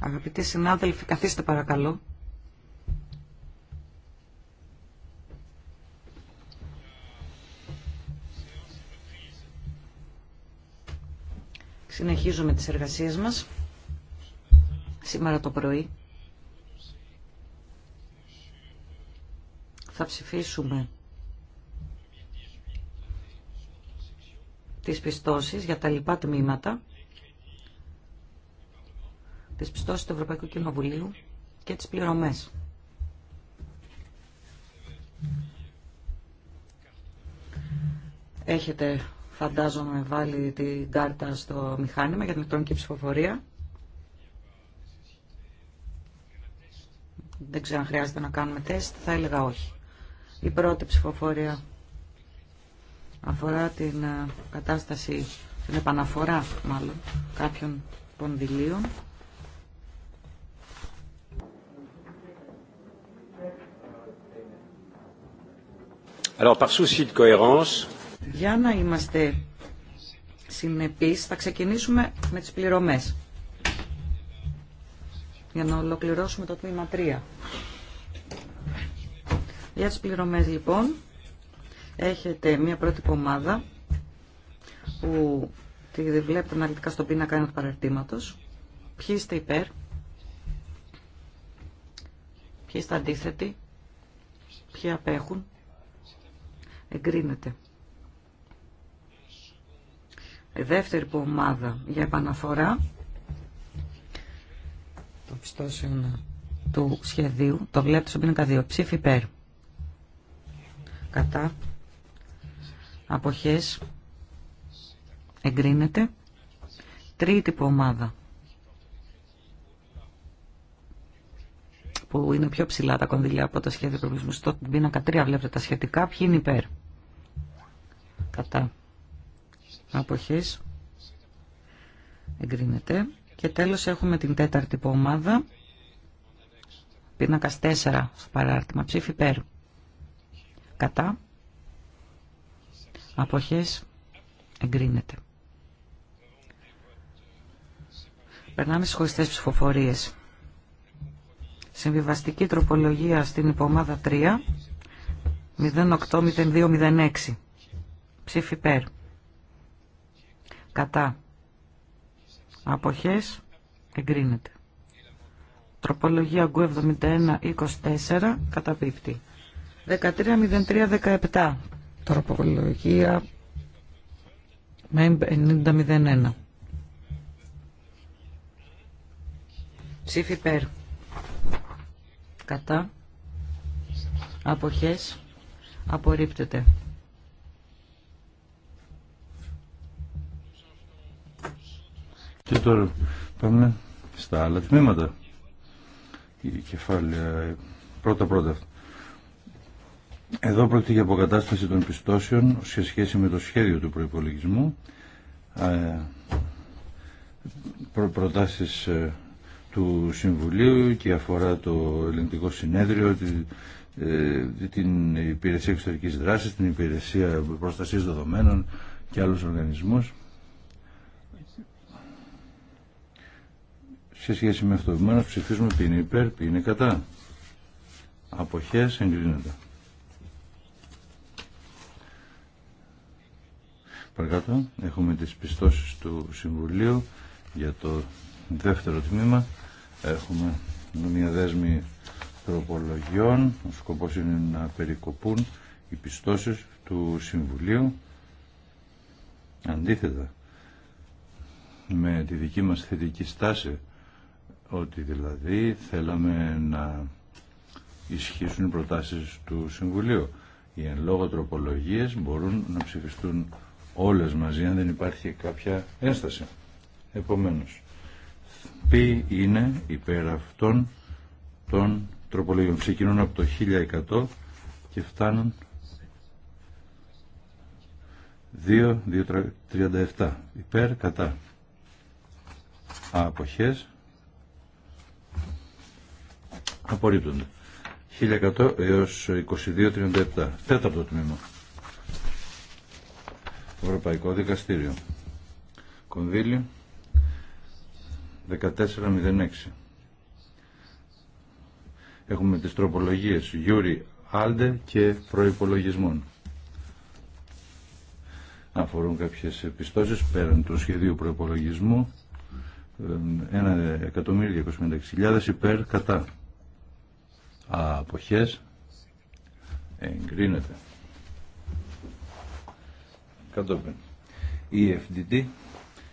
Αγαπητοί συνάδελφοι, καθίστε παρακαλώ. Συνεχίζουμε τις εργασίες μας. Σήμερα το πρωί θα ψηφίσουμε τις πιστώσεις για τα λοιπά τμήματα τις πιστώσεις του Ευρωπαϊκού Κοινοβουλίου και τις πληρωμές. Έχετε, φαντάζομαι, βάλει την κάρτα στο μηχάνημα για την ηλεκτρονική ψηφοφορία. Δεν ξέρω αν χρειάζεται να κάνουμε τεστ, θα έλεγα όχι. Η πρώτη ψηφοφορία αφορά την ε, κατάσταση, την επαναφορά μάλλον, κάποιων πονδυλίων. Για να είμαστε συνεπείς, θα ξεκινήσουμε με τις πληρωμές. Για να ολοκληρώσουμε το τμήμα 3. Για τις πληρωμές λοιπόν, έχετε μία πρώτη ομάδα που τη βλέπετε αναλυτικά στο πίνακα ενός παραρτήματος. Ποιοι είστε υπέρ, ποιοι είστε αντίθετοι, ποιοι απέχουν, εγκρίνεται. Δεύτερη που για επαναφορά το πιστώσεων του σχεδίου, το βλέπετε στον πίνακα 2, ψήφι υπέρ. Κατά. Αποχές. Εγκρίνεται. Τρίτη που Που είναι πιο ψηλά τα κονδυλιά από το σχέδιο προβλησμού. Στον πίνακα 3 βλέπετε τα σχετικά. Ποιοι είναι υπέρ κατά αποχές εγκρίνεται και τέλος έχουμε την τέταρτη ομάδα πίνακας 4 στο παράρτημα ψήφι υπέρ κατά αποχές εγκρίνεται Περνάμε στις χωριστές ψηφοφορίες. Συμβιβαστική τροπολογία στην υπομάδα 3, 08 080206. Ψήφι υπέρ. Κατά. Αποχές εγκρίνεται. Τροπολογία γκου 71-24 καταπίπτει. 13-03-17 τροπολογία με 90-01. Ψήφι υπέρ. Κατά. Αποχές. Απορρίπτεται. Και τώρα πάμε στα άλλα τμήματα. Η κεφάλαια πρώτα-πρώτα. Εδώ πρόκειται για αποκατάσταση των πιστώσεων σε σχέση με το σχέδιο του προϋπολογισμού. Προ προτάσεις ε, του Συμβουλίου και αφορά το ελληνικό συνέδριο, ε, την υπηρεσία εξωτερικής δράσης, την υπηρεσία προστασίας δεδομένων και άλλους οργανισμούς. σε σχέση με αυτό. Επομένω ψηφίζουμε ποιοι είναι υπέρ, ποιοι είναι κατά. Αποχές εγκρίνονται. Παρακάτω έχουμε τις πιστώσει του Συμβουλίου για το δεύτερο τμήμα. Έχουμε μια δέσμη τροπολογιών. Ο σκοπός είναι να περικοπούν οι πιστώσει του Συμβουλίου. Αντίθετα με τη δική μας θετική στάση ότι δηλαδή θέλαμε να ισχύσουν οι προτάσεις του Συμβουλίου. Οι εν λόγω τροπολογίες μπορούν να ψηφιστούν όλες μαζί αν δεν υπάρχει κάποια ένσταση. Επομένως, ποιοι είναι υπέρ αυτών των τροπολογιών. Ξεκινούν από το 1100 και φτάνουν 37 υπέρ κατά αποχές απορρίπτονται. 1100 έως 2237. Τέταρτο τμήμα. Ευρωπαϊκό Δικαστήριο. Κονδύλιο. 1406. Έχουμε τις τροπολογίες Γιούρι Άλντε και προϋπολογισμών. Αφορούν κάποιες επιστώσεις πέραν του σχεδίου προϋπολογισμού. 1.256.000 ε, υπέρ κατά αποχές εγκρίνεται κατόπιν η FDD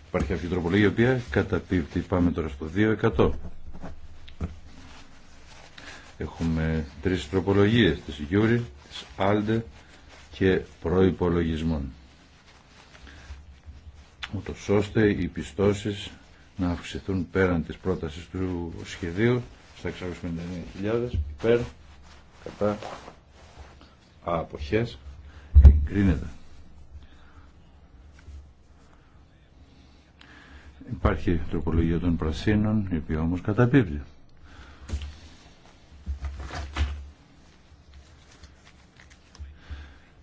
υπάρχει αυτή η τροπολογία η οποία καταπίπτει πάμε τώρα στο 2% έχουμε τρεις τροπολογίες της Γιούρι, της Άλντε και προϋπολογισμών ούτως ώστε οι πιστώσεις να αυξηθούν πέραν της πρότασης του σχεδίου στα 659.000 υπέρ κατά αποχές εγκρίνεται. Υπάρχει τροπολογία των πρασίνων, η οποία όμως καταπίπτει.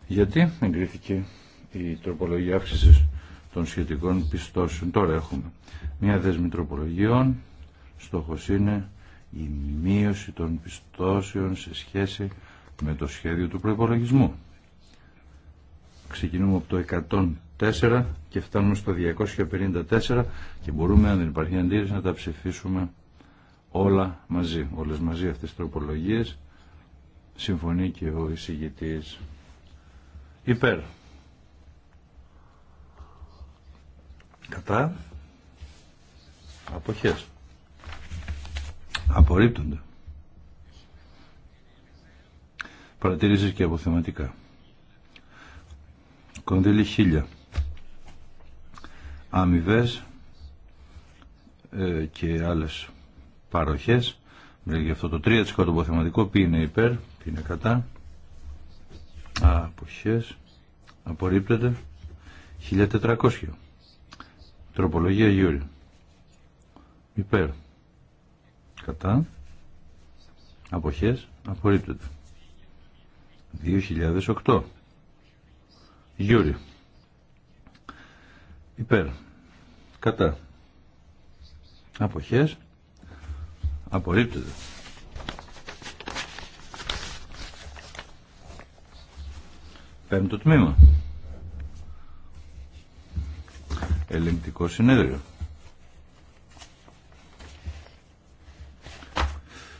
Γιατί εγκρίθηκε η τροπολογία αύξηση των σχετικών πιστώσεων. Τώρα έχουμε μια δέσμη τροπολογιών. Στόχος είναι η μείωση των πιστώσεων σε σχέση με το σχέδιο του προϋπολογισμού. Ξεκινούμε από το 104 και φτάνουμε στο 254 και μπορούμε, αν δεν υπάρχει αντίρρηση, να τα ψηφίσουμε όλα μαζί, όλες μαζί αυτές τις τροπολογίες. Συμφωνεί και ο εισηγητής υπέρ. Κατά αποχές. Απορρίπτονται. Παρατηρήσεις και αποθεματικά. Κονδύλι χίλια. Αμοιβέ ε, και άλλες παροχές. Μιλάει για αυτό το 3% κόντου αποθεματικό. Ποιοι είναι υπέρ, ποιοι είναι κατά. Αποχές. Απορρίπτεται. 1400. Τροπολογία Γιούρι. Υπέρ κατά αποχές απορρίπτεται 2008 Γιούρι υπέρ κατά αποχές Πέμπτο τμήμα ελεγκτικό συνέδριο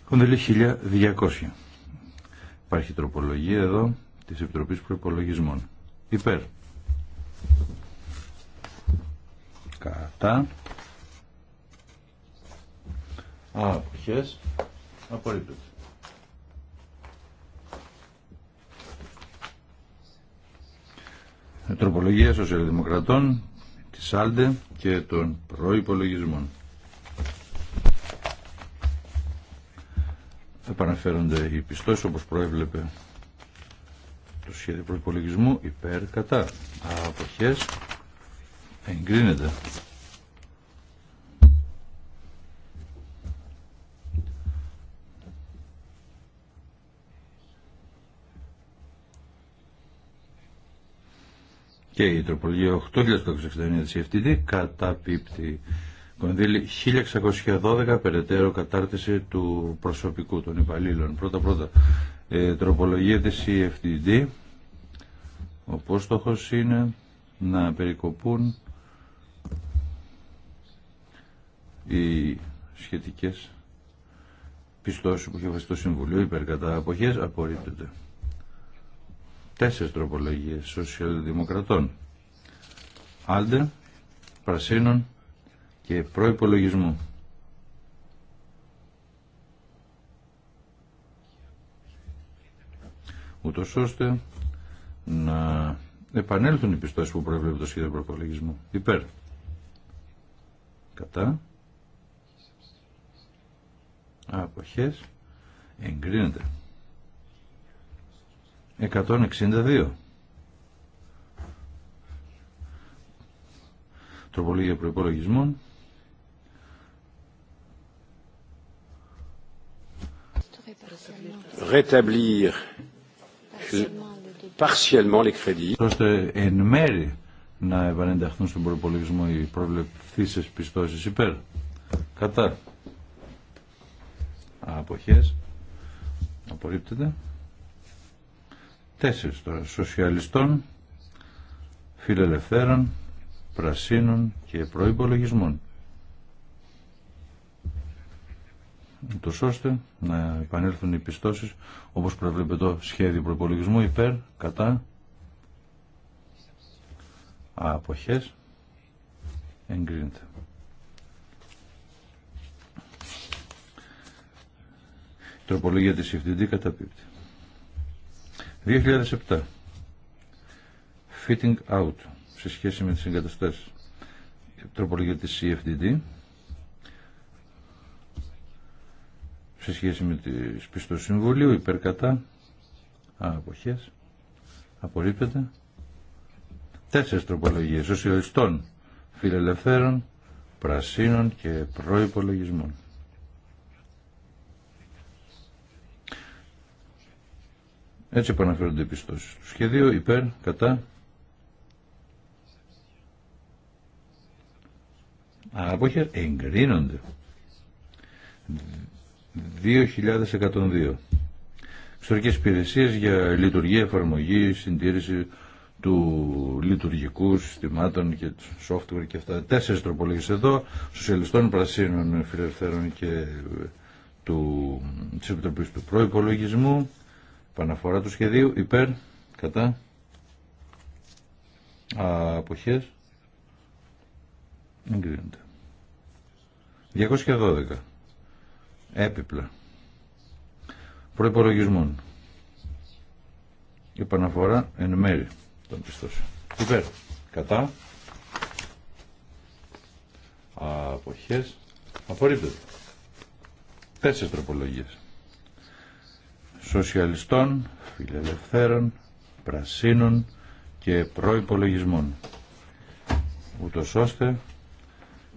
Κονδυλή 1200. Υπάρχει τροπολογία εδώ της Επιτροπής Προπολογισμών. Υπέρ. Κατά. Αποχές. Απορρίπτω. Τροπολογία Σοσιαλδημοκρατών, της Άλντε και των προϋπολογισμών. επαναφέρονται οι πιστώσεις όπως προέβλεπε το σχέδιο προϋπολογισμού υπέρ κατά αποχές εγκρίνεται. Και η τροπολογία 8.169 της FTD καταπίπτει Κονδύλι 1612 περαιτέρω κατάρτιση του προσωπικού των υπαλλήλων. Πρώτα πρώτα ε, τροπολογία της CFDD. Ο πόστοχος είναι να περικοπούν οι σχετικές πιστώσεις που είχε βασιστεί το Συμβουλίο υπέρ κατά αποχές απορρίπτεται. Τέσσερις τροπολογίες σοσιαλδημοκρατών. Άλτε, Πρασίνων, και προϋπολογισμού. Ούτως ώστε να επανέλθουν οι πιστώσεις που προβλέπει το σχέδιο προπολογισμού. Υπέρ. Κατά. Αποχές. Εγκρίνεται. 162. Τροπολογία προϋπολογισμών. rétablir partiellement les crédits. Ώστε εν μέρη να επανενταχθούν στον προπολογισμό οι προβλεπτήσει πιστώσει υπέρ. Κατά. αποχέ. Απορρίπτεται. Τέσσερι τώρα. Σοσιαλιστών, φιλελευθέρων, πρασίνων και προπολογισμών. το ώστε να επανέλθουν οι πιστώσεις όπως προβλέπεται το σχέδιο προπολογισμού υπέρ, κατά αποχές εγκρίνεται. Η τροπολογία της FDD καταπίπτει. 2007 Fitting out σε σχέση με τις εγκαταστάσεις. Η τροπολογία της CFDD σε σχέση με τη πιστό συμβουλίου υπέρ κατά αποχές απορρίπτεται τέσσερις τροπολογίες σοσιαλιστών φιλελευθέρων πρασίνων και προϋπολογισμών έτσι επαναφέρονται οι πιστώσεις του σχεδίου υπέρ κατά αποχές εγκρίνονται 2102. Εξωτερικές υπηρεσίες για λειτουργία, εφαρμογή, συντήρηση του λειτουργικού συστημάτων και software και αυτά. Τέσσερις τροπολογίες εδώ, σοσιαλιστών, πρασίνων, φιλελευθέρων και του, της Επιτροπής του Προϋπολογισμού. Παναφορά του σχεδίου, υπέρ, κατά, α, αποχές, εγκρίνεται. 212 έπιπλα προϋπολογισμών επαναφορά εν μέρη των πιστώσεων υπέρ κατά αποχές απορρίπτεται τέσσερις τροπολογίες σοσιαλιστών φιλελευθέρων πρασίνων και προϋπολογισμών ούτως ώστε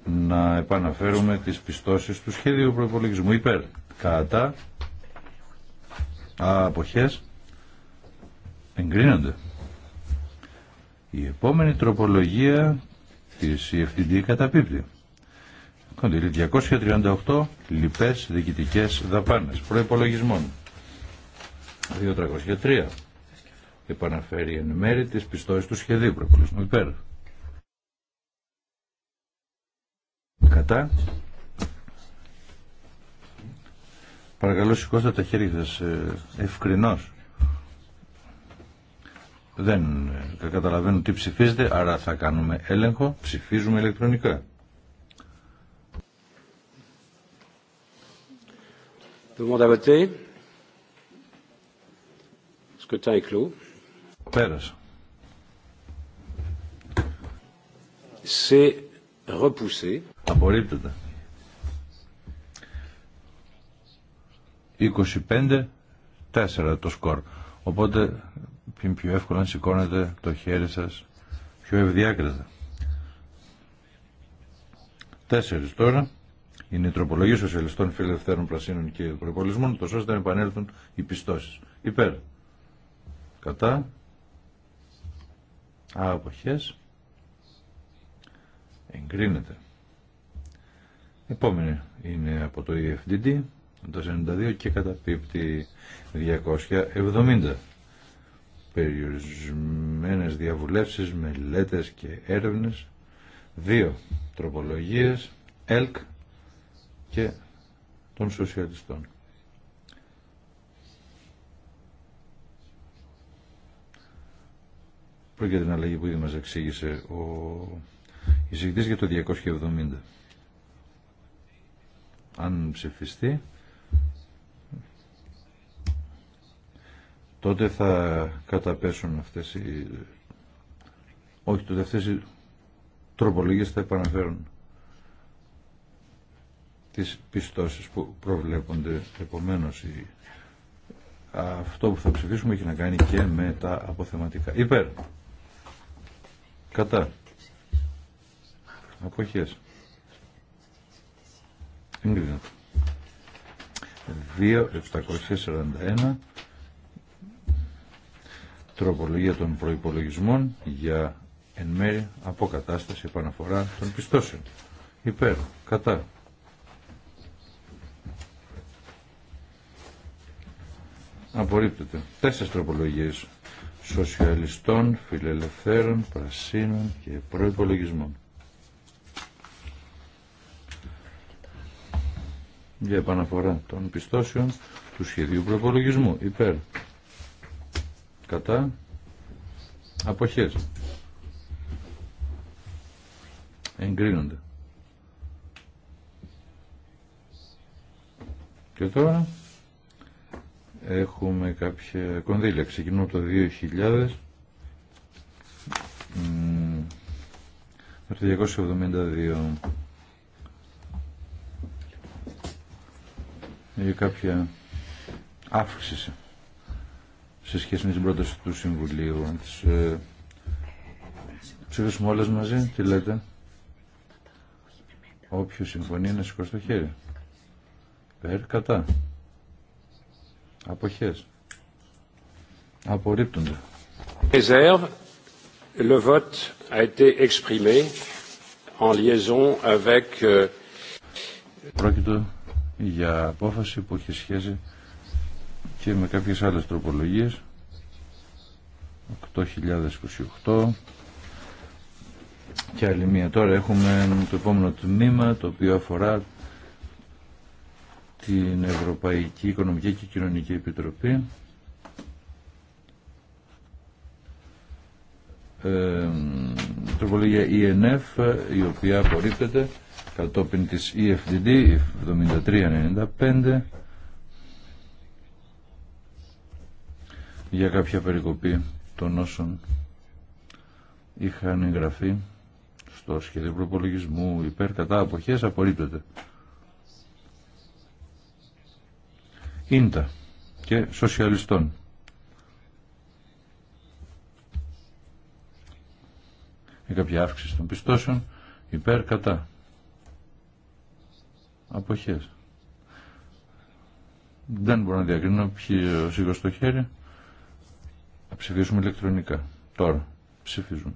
να επαναφέρουμε τις πιστώσεις του σχέδιου προπολογισμού υπέρ κατά αποχές εγκρίνονται. Η επόμενη τροπολογία της EFTD καταπίπτει. Κοντήλη 238 λοιπές διοικητικές δαπάνες προϋπολογισμών. 203 επαναφέρει εν μέρη τις πιστώσεις του σχεδίου προϋπολογισμού υπέρ. κατά. Παρακαλώ σηκώστε τα χέρια σας ε, ευκρινώς. Δεν ε, καταλαβαίνω τι ψηφίζετε, άρα θα κάνουμε έλεγχο, ψηφίζουμε ηλεκτρονικά. πέρασα σε repoussé. Απορρίπτεται. 25-4 το σκορ. Οπότε πιο εύκολα να σηκώνετε το χέρι σας πιο ευδιάκριτα. 4. τώρα είναι η τροπολογία σοσιαλιστών, φιλελευθέρων, πρασίνων και προπολισμών, τόσο ώστε να επανέλθουν οι πιστώσεις. Υπέρ. Κατά. άποχες Εγκρίνεται. Επόμενη είναι από το EFDD, το 92 και καταπίπτει 270. Περιορισμένες διαβουλεύσεις, μελέτες και έρευνες. Δύο τροπολογίες, ΕΛΚ και των σοσιαλιστών. Πρόκειται την αλλαγή που ήδη μας εξήγησε ο εισηγητής για το 270 αν ψηφιστεί τότε θα καταπέσουν αυτές οι όχι τότε αυτές οι τροπολογίες θα επαναφέρουν τις πιστώσεις που προβλέπονται επομένως αυτό που θα ψηφίσουμε έχει να κάνει και με τα αποθεματικά υπέρ κατά αποχές Εγκρίνεται. 2.741 τροπολογία των προϋπολογισμών για εν μέρη αποκατάσταση επαναφορά των πιστώσεων. Υπέρ, κατά. Απορρίπτεται. Τέσσερις τροπολογίες σοσιαλιστών, φιλελευθέρων, πρασίνων και προϋπολογισμών. για επαναφορά των πιστώσεων του σχεδίου προπολογισμού. Υπέρ. Κατά. Αποχές. Εγκρίνονται. Και τώρα έχουμε κάποια κονδύλια. Ξεκινούν από το 2000 Από το 272. ή κάποια αύξηση σε σχέση με την πρόταση του Συμβουλίου. Αν ε, ψηφίσουμε όλες μαζί, τι λέτε. Όποιο συμφωνεί να σηκώσει το χέρι. Περ, κατά. Αποχές. Απορρίπτονται. Réserve, le vote a été exprimé en liaison avec... Euh, για απόφαση που έχει σχέση και με κάποιες άλλες τροπολογίες 8.028 και άλλη μία. Τώρα έχουμε το επόμενο τμήμα το οποίο αφορά την Ευρωπαϊκή Οικονομική και Κοινωνική Επιτροπή ε, τροπολογία ENF η οποία απορρίπτεται κατόπιν της EFDD 7395 για κάποια περικοπή των όσων είχαν εγγραφεί στο σχέδιο προπολογισμού υπέρ κατά αποχές απορρίπτεται. Ίντα και σοσιαλιστών. Για ε, κάποια αύξηση των πιστώσεων υπέρ κατά αποχές. Δεν μπορώ να διακρίνω ποιο σήκω στο χέρι. Θα ψηφίσουμε ηλεκτρονικά. Τώρα ψηφίζουμε.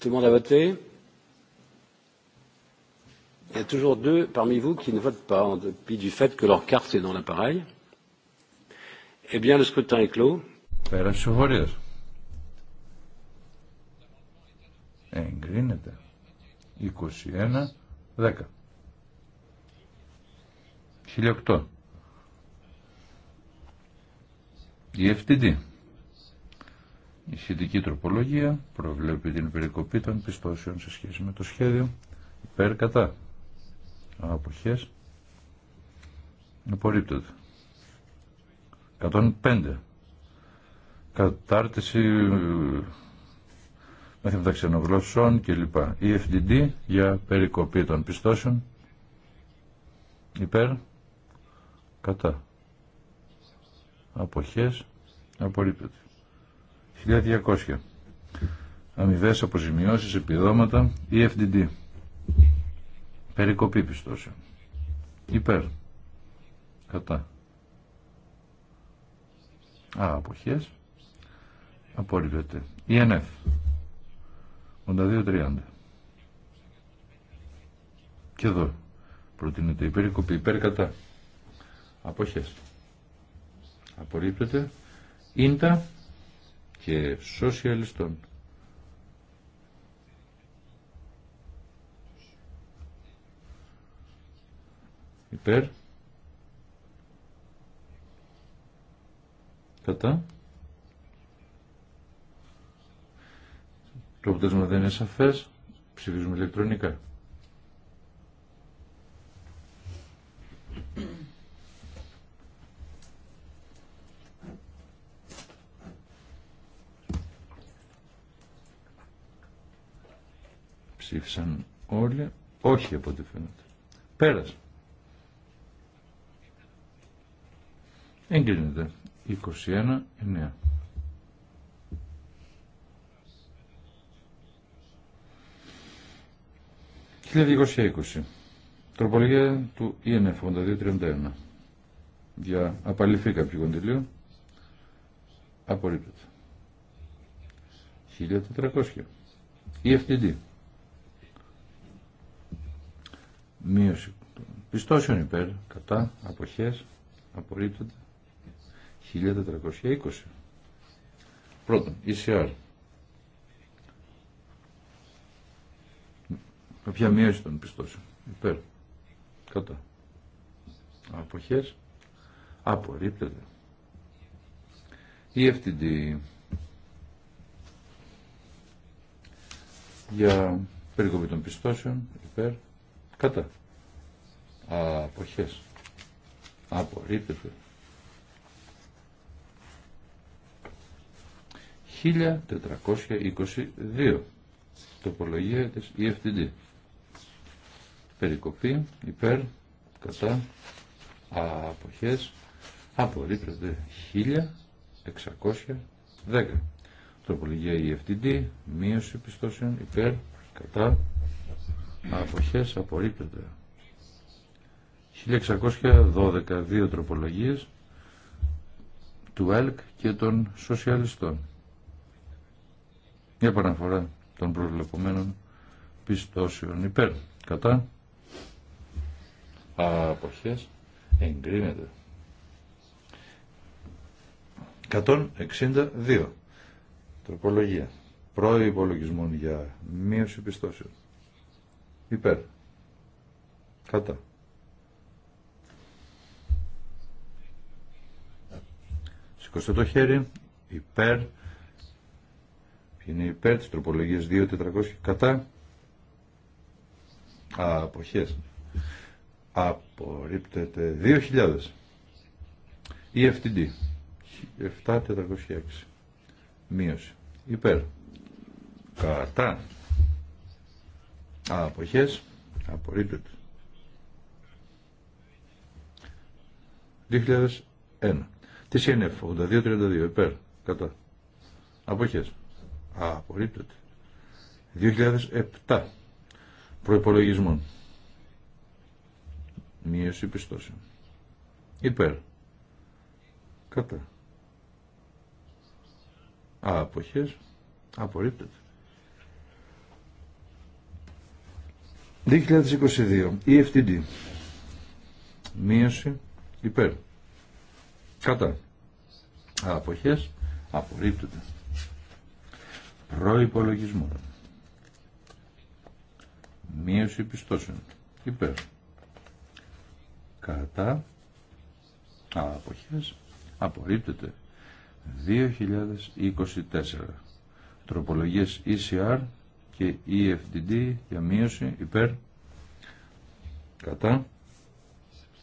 Tout le monde a voté Il y a toujours deux parmi vous qui ne votent pas, en dépit du fait que leur carte est dans l'appareil. Eh bien, le scrutin est clos. Πέρα ψηφοφορίας. εγκρίνεται. 21, 10. 1008. Η FTD. Η σχετική τροπολογία προβλέπει την περικοπή των πιστώσεων σε σχέση με το σχέδιο υπέρ κατά. Αποχές. Απορρίπτεται. 105. Κατάρτιση με τα ξενογλωσσών κλπ. Η e FDD για περικοπή των πιστώσεων υπέρ κατά αποχές απορρίπτεται. 1200 αμοιβές αποζημιώσεις επιδόματα EFDD περικοπή πιστώσεων υπέρ κατά Α, αποχές απορρίπτεται. ENF 82-30. Και εδώ προτείνεται υπέρ περικοπή υπέρ κατά. Αποχές. Απορρίπτεται. Ίντα και σοσιαλιστών. Υπέρ. Κατά. Το αποτέλεσμα δεν είναι σαφές. Ψηφίζουμε ηλεκτρονικά. Ψήφισαν όλοι. Όχι από ό,τι φαίνεται. Πέρασε. Εγκρίνεται. 21-9. 1220. Τροπολογία του ΙΕΝΕΦ 8231. Για απαλληφή κάποιο κοντιλίο. Απορρίπτεται. 1400. EFTD. Μείωση πιστώσεων υπέρ, κατά, αποχές, απορρίπτεται. 1420. Πρώτον, ECR κάποια μείωση των πιστώσεων. Υπέρ. Κατά. Αποχές. Απορρίπτεται. Η FTD για περικοπή των πιστώσεων υπέρ. Κατά. Αποχές. Απορρίπτεται. 1422 τοπολογία της EFTD περικοπή υπέρ κατά αποχές απορρίπτεται 1610 τροπολογία EFTD μείωση πιστώσεων υπέρ κατά αποχές απορρίπτεται 1612 δύο τροπολογίες του ΕΛΚ και των σοσιαλιστών για παραφορά των προβλεπωμένων πιστώσεων υπέρ κατά αποχές εγκρίνεται 162 τροπολογία προϋπολογισμών για μείωση πιστώσεων υπέρ κατά σηκώστε το χέρι υπέρ είναι υπέρ της τροπολογίας 2.400 κατά αποχές απορρίπτεται 2.000 EFTD 7.406 μείωση υπέρ κατά αποχές απορρίπτεται 2001 τι CNF 82.32 υπέρ κατά αποχές απορρίπτεται 2007 προϋπολογισμών μείωση πιστώσεων. Υπέρ. Κατά. αποχές. Απορρίπτεται. 2022. EFTD. Μείωση υπέρ. Κατά. αποχές. Απορρίπτεται. Προϋπολογισμό. Μείωση πιστώσεων. Υπέρ κατά αποχές απορρίπτεται 2024 τροπολογίες ECR και EFDD για μείωση υπέρ κατά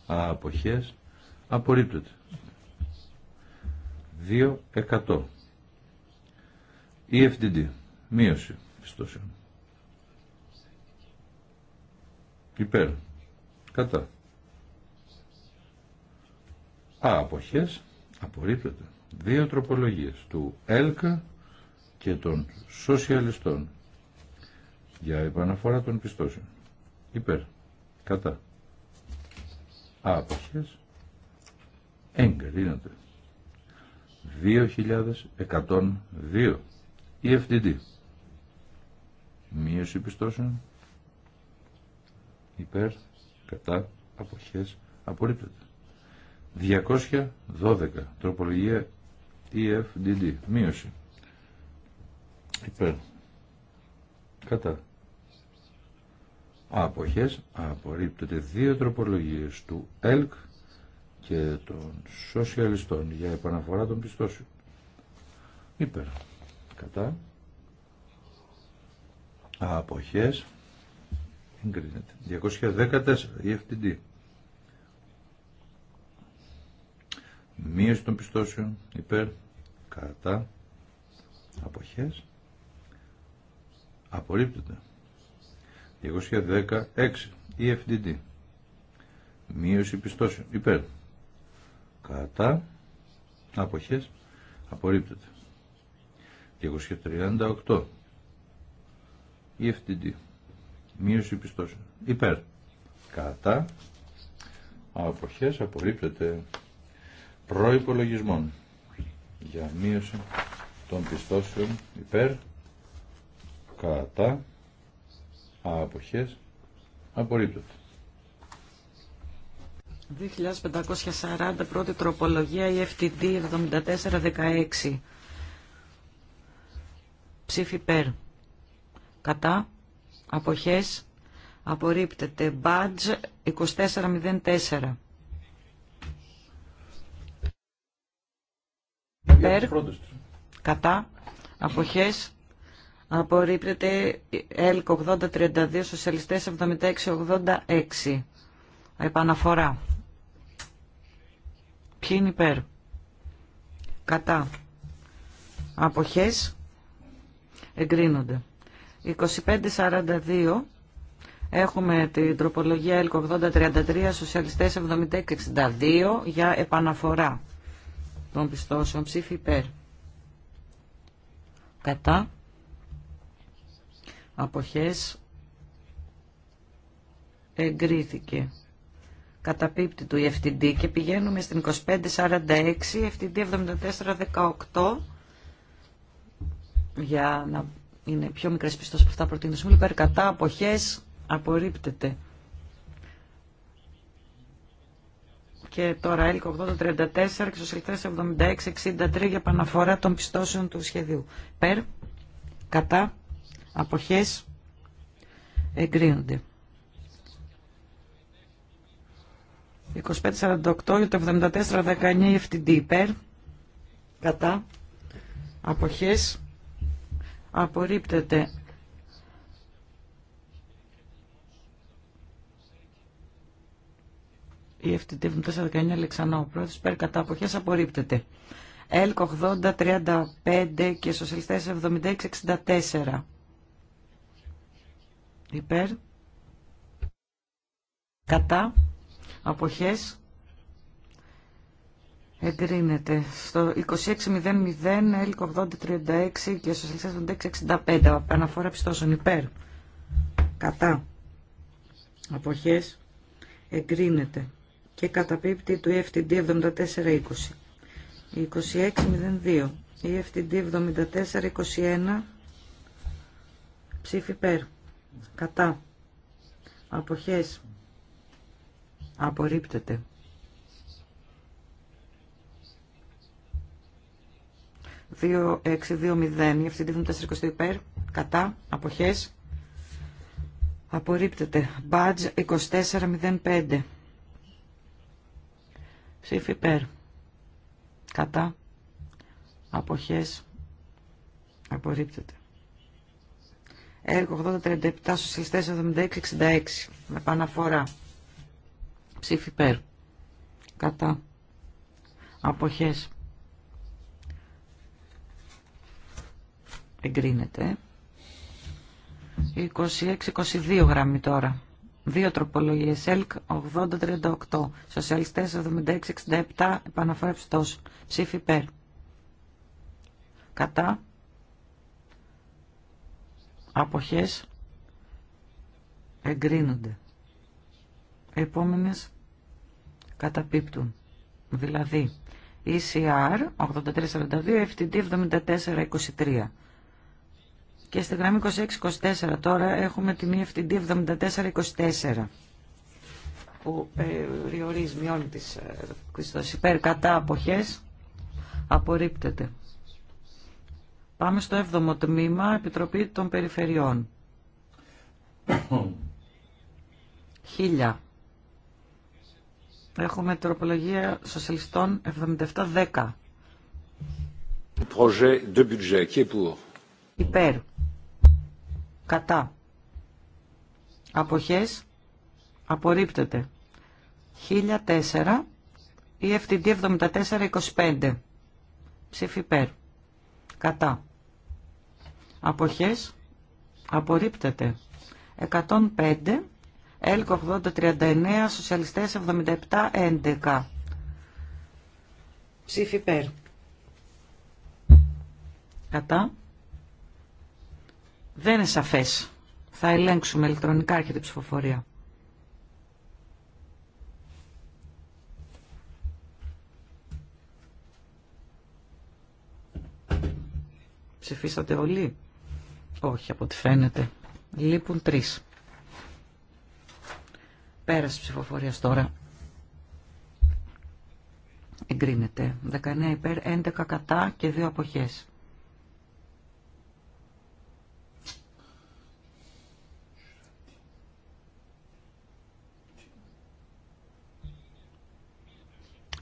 αποχές απορρίπτεται 2% EFDD μείωση πιστώσεων υπέρ κατά Α, αποχές, απορρίπτεται. Δύο τροπολογίες του ΕΛΚΑ και των σοσιαλιστών για επαναφορά των πιστώσεων. Υπέρ. Κατά. Άποχες. Εγκρίνεται. 2.102. Η FTD, Μείωση πιστώσεων. Υπέρ. Κατά. Αποχές. Απορρίπτεται. 212 τροπολογία EFDD μείωση υπέρ κατά αποχές απορρίπτεται δύο τροπολογίες του ΕΛΚ και των σοσιαλιστών για επαναφορά των πιστώσεων υπέρ κατά αποχές εγκρίνεται 214 EFDD μείωση των πιστώσεων υπέρ κατά αποχές απορρίπτεται 216 EFDD μείωση πιστώσεων υπέρ κατά αποχές απορρίπτεται 238 EFDD μείωση πιστώσεων υπέρ κατά αποχές απορρίπτεται προϋπολογισμών για μείωση των πιστώσεων υπέρ κατά αποχές απορρίπτωται. 2540 πρώτη τροπολογία η FTD 7416 ψήφι υπέρ κατά αποχές απορρίπτεται badge 2404 Υπέρ. Κατά. Αποχές. Απορρίπτεται ΕΛΚ 8032, Σοσιαλιστές 7686. Επαναφορά. Ποιοι είναι υπέρ. Κατά. Αποχές. Εγκρίνονται. 2542. Έχουμε την τροπολογία ΕΛΚ 8033, Σοσιαλιστές 7662 για επαναφορά των πιστώσεων ψήφι υπέρ κατά αποχές εγκρίθηκε καταπίπτει του η FTD και πηγαίνουμε στην 2546 FTD 7418 για να είναι πιο μικρές πιστώσεις που αυτά προτείνουν υπέρ κατά αποχές απορρίπτεται και τώρα έλκο 8034 και 76 776-63 για επαναφορά των πιστώσεων του σχεδίου. Περ, κατά, αποχές, εγκρίνονται. 2548 για το 19 FTD Περ, κατά, αποχές, απορρίπτεται. Η FTT 419 Αλεξανό. Πρώτη υπέρ κατά αποχέ απορρίπτεται. ΕΛΚ 80-35 και σοσιαλιστε 7664 Υπέρ. Κατά. αποχέ. Εγκρίνεται. Στο 26.00 ΕΛΚ 80-36 και σοσιαλιστε 76 76-65. Αναφορά πιστώσεων. Υπέρ. Κατά. Αποχές. Εγκρίνεται και καταπίπτει του EFTD 7420. 2602. EFTD 7421. Ψήφι περ. Κατά. Αποχές. Απορρίπτεται. 2620. Ευθυντή 422 υπέρ. Κατά. Αποχές. Απορρίπτεται. Badge 2405. Ψήφι υπέρ. Κατά. Αποχές. Απορρίπτεται. Έργο 8037 σοσιαλιστές 76-66. Με παναφορά. Ψήφι υπέρ. Κατά. Αποχές. Εγκρίνεται. 26-22 γραμμή τώρα. Δύο τροπολογίε ΕΛΚ 8038, Σοσιαλιστές 7667, επαναφορά ψήφι υπέρ. Κατά, Αποχέ. εγκρίνονται. Επόμενε καταπίπτουν. Δηλαδή, ECR 8342, FTD 7423. Και στη γραμμή 2624 τώρα έχουμε την EFTD 7424 που ε, περιορίζει, μειώνει τις ε, πιστώσεις υπέρ κατά αποχές, απορρίπτεται. Πάμε στο 7ο τμήμα, Επιτροπή των Περιφερειών. Χίλια. Έχουμε τροπολογία σοσιαλιστών 77-10. Υπέρ κατά αποχές απορρίπτεται 1004 ή FTD 7425 ψήφι υπέρ κατά αποχές απορρίπτεται 105 ΕΛΚΟ 8039 Σοσιαλιστές 7711 ψήφι υπέρ κατά δεν είναι σαφές. Θα ελέγξουμε ηλεκτρονικά και την ψηφοφορία. Ψηφίσατε όλοι. Όχι από ό,τι φαίνεται. Λείπουν τρεις. Πέρασε ψηφοφορία τώρα. Εγκρίνεται. 19 υπέρ, 11 κατά και 2 αποχές.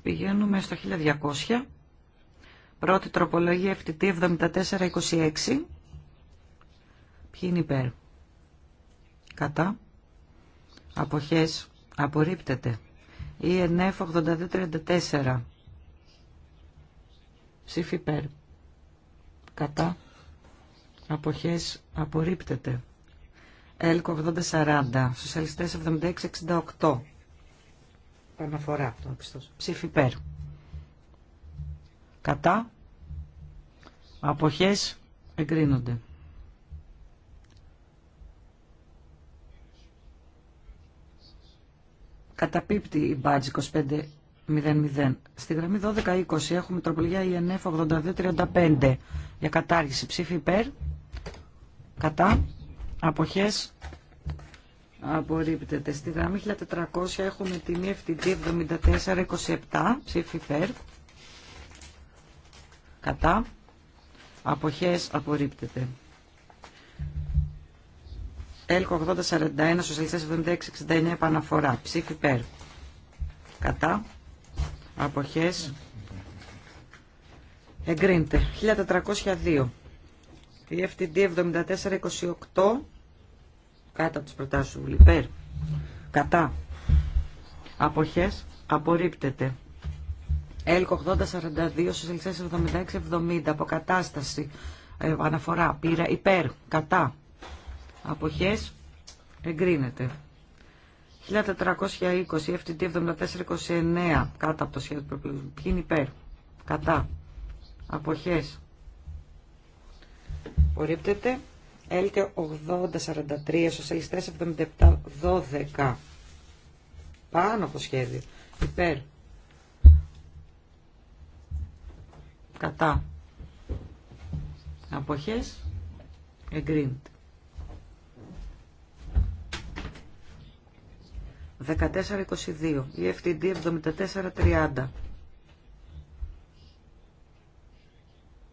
Πηγαίνουμε στο 1200. Πρώτη τροπολογία FTT 7426. Ποιοι είναι υπέρ. Κατά. Αποχές. Απορρίπτεται. ENF 8234. Ψήφι υπέρ. Κατά. Αποχές. Απορρίπτεται. ΕΛΚ 8040. Σοσιαλιστές 7668. Παναφορά των πιστώσεων. Ψήφι υπέρ. Κατά. Αποχές εγκρίνονται. Καταπίπτει η μπάτζ 25.00. Στη γραμμή 12.20 έχουμε τροπολογία INF 82.35 για κατάργηση. Ψήφι υπέρ. Κατά. Αποχές Απορρίπτεται. Στη γραμμή 1400 έχουμε την EFTD 7427 ψήφι ΠΕΡ. Κατά. Αποχές απορρίπτεται. ΕΛΚΟ 8041, Σοσιαλιστές 7669, επαναφορά. Ψήφι Κατά. Αποχές. Εγκρίνεται. 1402. Η FTD 7428 κάτω από τις προτάσεις του Βουλιπέρ. Κατά. Αποχές. Απορρίπτεται. ΕΛΚΟ 8042, σοσιαλιστές 7670, αποκατάσταση, ε, αναφορά, πήρα υπέρ, κατά, αποχές, εγκρίνεται. 1420, FTD 7429, κάτω από το σχέδιο του προπλήρου, ποιοι είναι υπέρ, κατά, αποχές, απορρίπτεται ελκε 8043, 80-43, σοσιαλιστές 12 Πάνω από το σχέδιο. Υπέρ. Κατά. Αποχές. 1422. Η FTD 7430.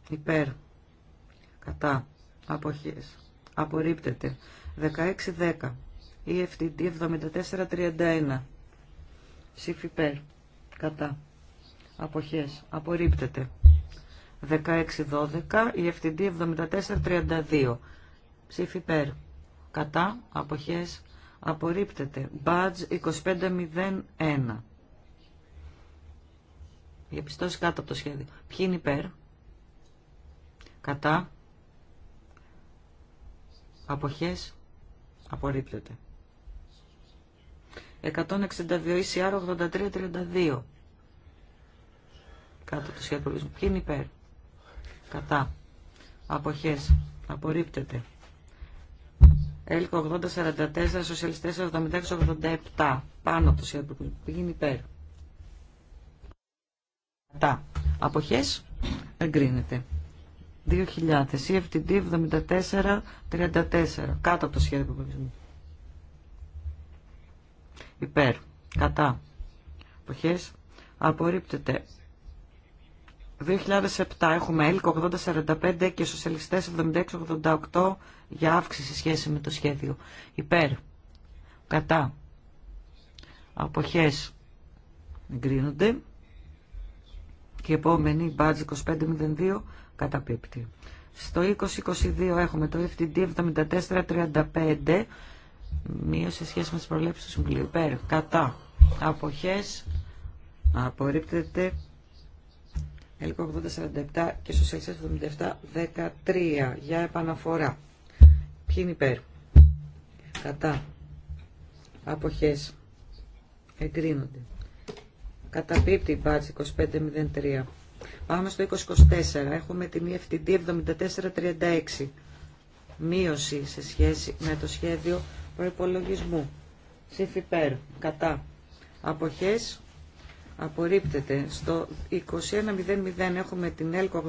Υπέρ. Κατά. Αποχές απορρίπτεται. 16-10. EFTD 74-31. Ψήφι Κατά. Αποχές. Απορρίπτεται. 16-12. EFTD 74-32. Ψήφι Κατά. Αποχές. Απορρίπτεται. Μπάτζ 25-01. Διαπιστώσει κάτω από το σχέδιο. Ποιοι είναι υπέρ. Κατά. Αποχές. Απορρίπτεται. 162 ECR 83-32. Κάτω του σχεδίου Ποιοι είναι υπέρ. Κατά. Αποχές. Απορρίπτεται. Έλκο 80-44, σοσιαλιστές 76-87. Πάνω από το σχέδιο Ποιοι είναι υπέρ. Κατά. Αποχές. Εγκρίνεται. 2000. EFTD 7434 Κάτω από το σχέδιο προπολογισμού. Υπέρ. Κατά. Εποχές. Απορρίπτεται. 2007 έχουμε 8045 και σοσιαλιστες 7688 για αύξηση σχέση με το σχέδιο. Υπέρ. Κατά. Αποχές. Εγκρίνονται. Και επόμενη, μπάτζ 2502, καταπίπτει. Στο 2022 έχουμε το FTD 7435, μείωση σε σχέση με τις προβλέψεις του Συμβουλίου. κατά, αποχές, απορρίπτεται, έλικο 8047 και σοσιαλιστές 13 για επαναφορά. Ποιοι είναι υπέρ, κατά, αποχές, εγκρίνονται. Καταπίπτει η μπάτση 2503. Πάμε στο 2024. Έχουμε την EFTD 7436. Μείωση σε σχέση με το σχέδιο προϋπολογισμού. Ψήφι Κατά. Αποχές. Απορρίπτεται. Στο 2100 έχουμε την ΕΛΚΟ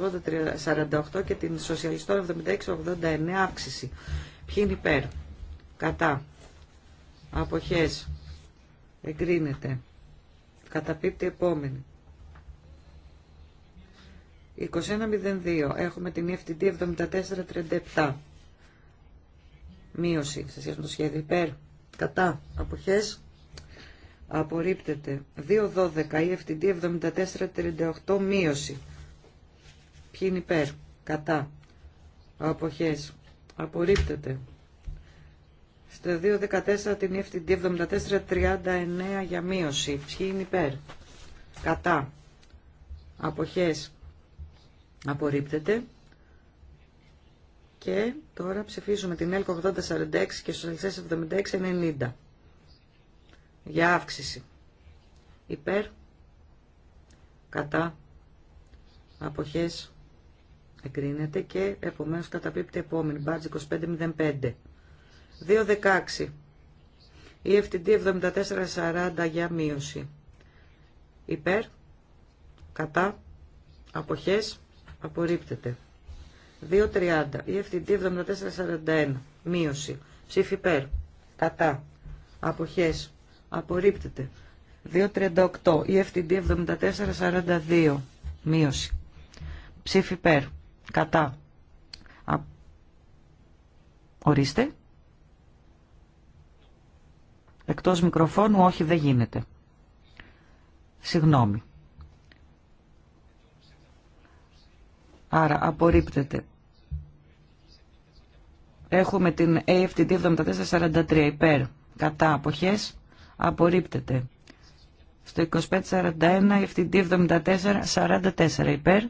8048 και την Σοσιαλιστό 7689 αύξηση. Ποιοι είναι υπέρ. Κατά. Αποχές. Εγκρίνεται. Καταπίπτει επόμενη. 2102. Έχουμε την EFTD 7437. Μείωση σε σχέση με το σχέδιο. Υπέρ. Κατά. Αποχές. Απορρίπτεται. 212. EFTD 7438. Μείωση. Ποιοι είναι υπέρ. Κατά. Αποχές. Απορρίπτεται. Στο 2.14 την e FTD 74.39 για μείωση. Ποιοι είναι υπέρ. Κατά. Αποχές. Απορρίπτεται. Και τώρα ψηφίζουμε την ΕΛΚΟ 8046 και στους 7690 για αύξηση. Υπέρ, κατά, αποχές, εγκρίνεται και επομένως καταπίπτει επόμενη. Μπάτζ 2505. 216. Η FTD 7440 για μείωση. Υπέρ, κατά, αποχές, Απορρίπτεται. 2.30. FTD 7441. Μείωση. Ψήφι υπέρ. Κατά. Αποχές. Απορρίπτεται. 2.38. FTD 7442. Μείωση. Ψήφι υπέρ. Κατά. Α... Ορίστε. Εκτός μικροφώνου όχι δεν γίνεται. Συγγνώμη. Άρα απορρίπτεται. Έχουμε την AFTD 7443 υπέρ. Κατά αποχές απορρίπτεται. Στο 2541 FTD 7444 υπέρ.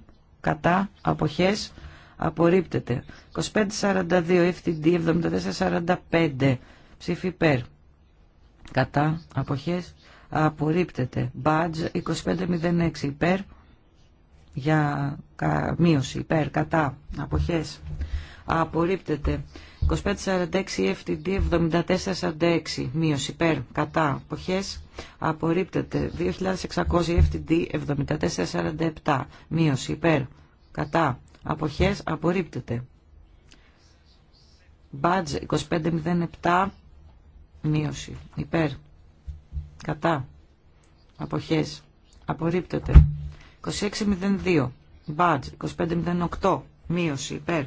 Κατά αποχές απορρίπτεται. 2542 FTD 7445 ψήφι υπέρ. Κατά αποχές απορρίπτεται. Badge 2506 υπέρ για μείωση υπέρ, κατά, αποχές. Απορρίπτεται. 2546 FTD 7446 μείωση υπέρ, κατά, αποχές. Απορρίπτεται. 2600 FTD 7447 μείωση υπέρ, κατά, αποχές. Απορρίπτεται. Badge 2507 μείωση υπέρ, κατά, αποχές. Απορρίπτεται. 2602. Μπάτζ. 2508. Μείωση. Υπέρ.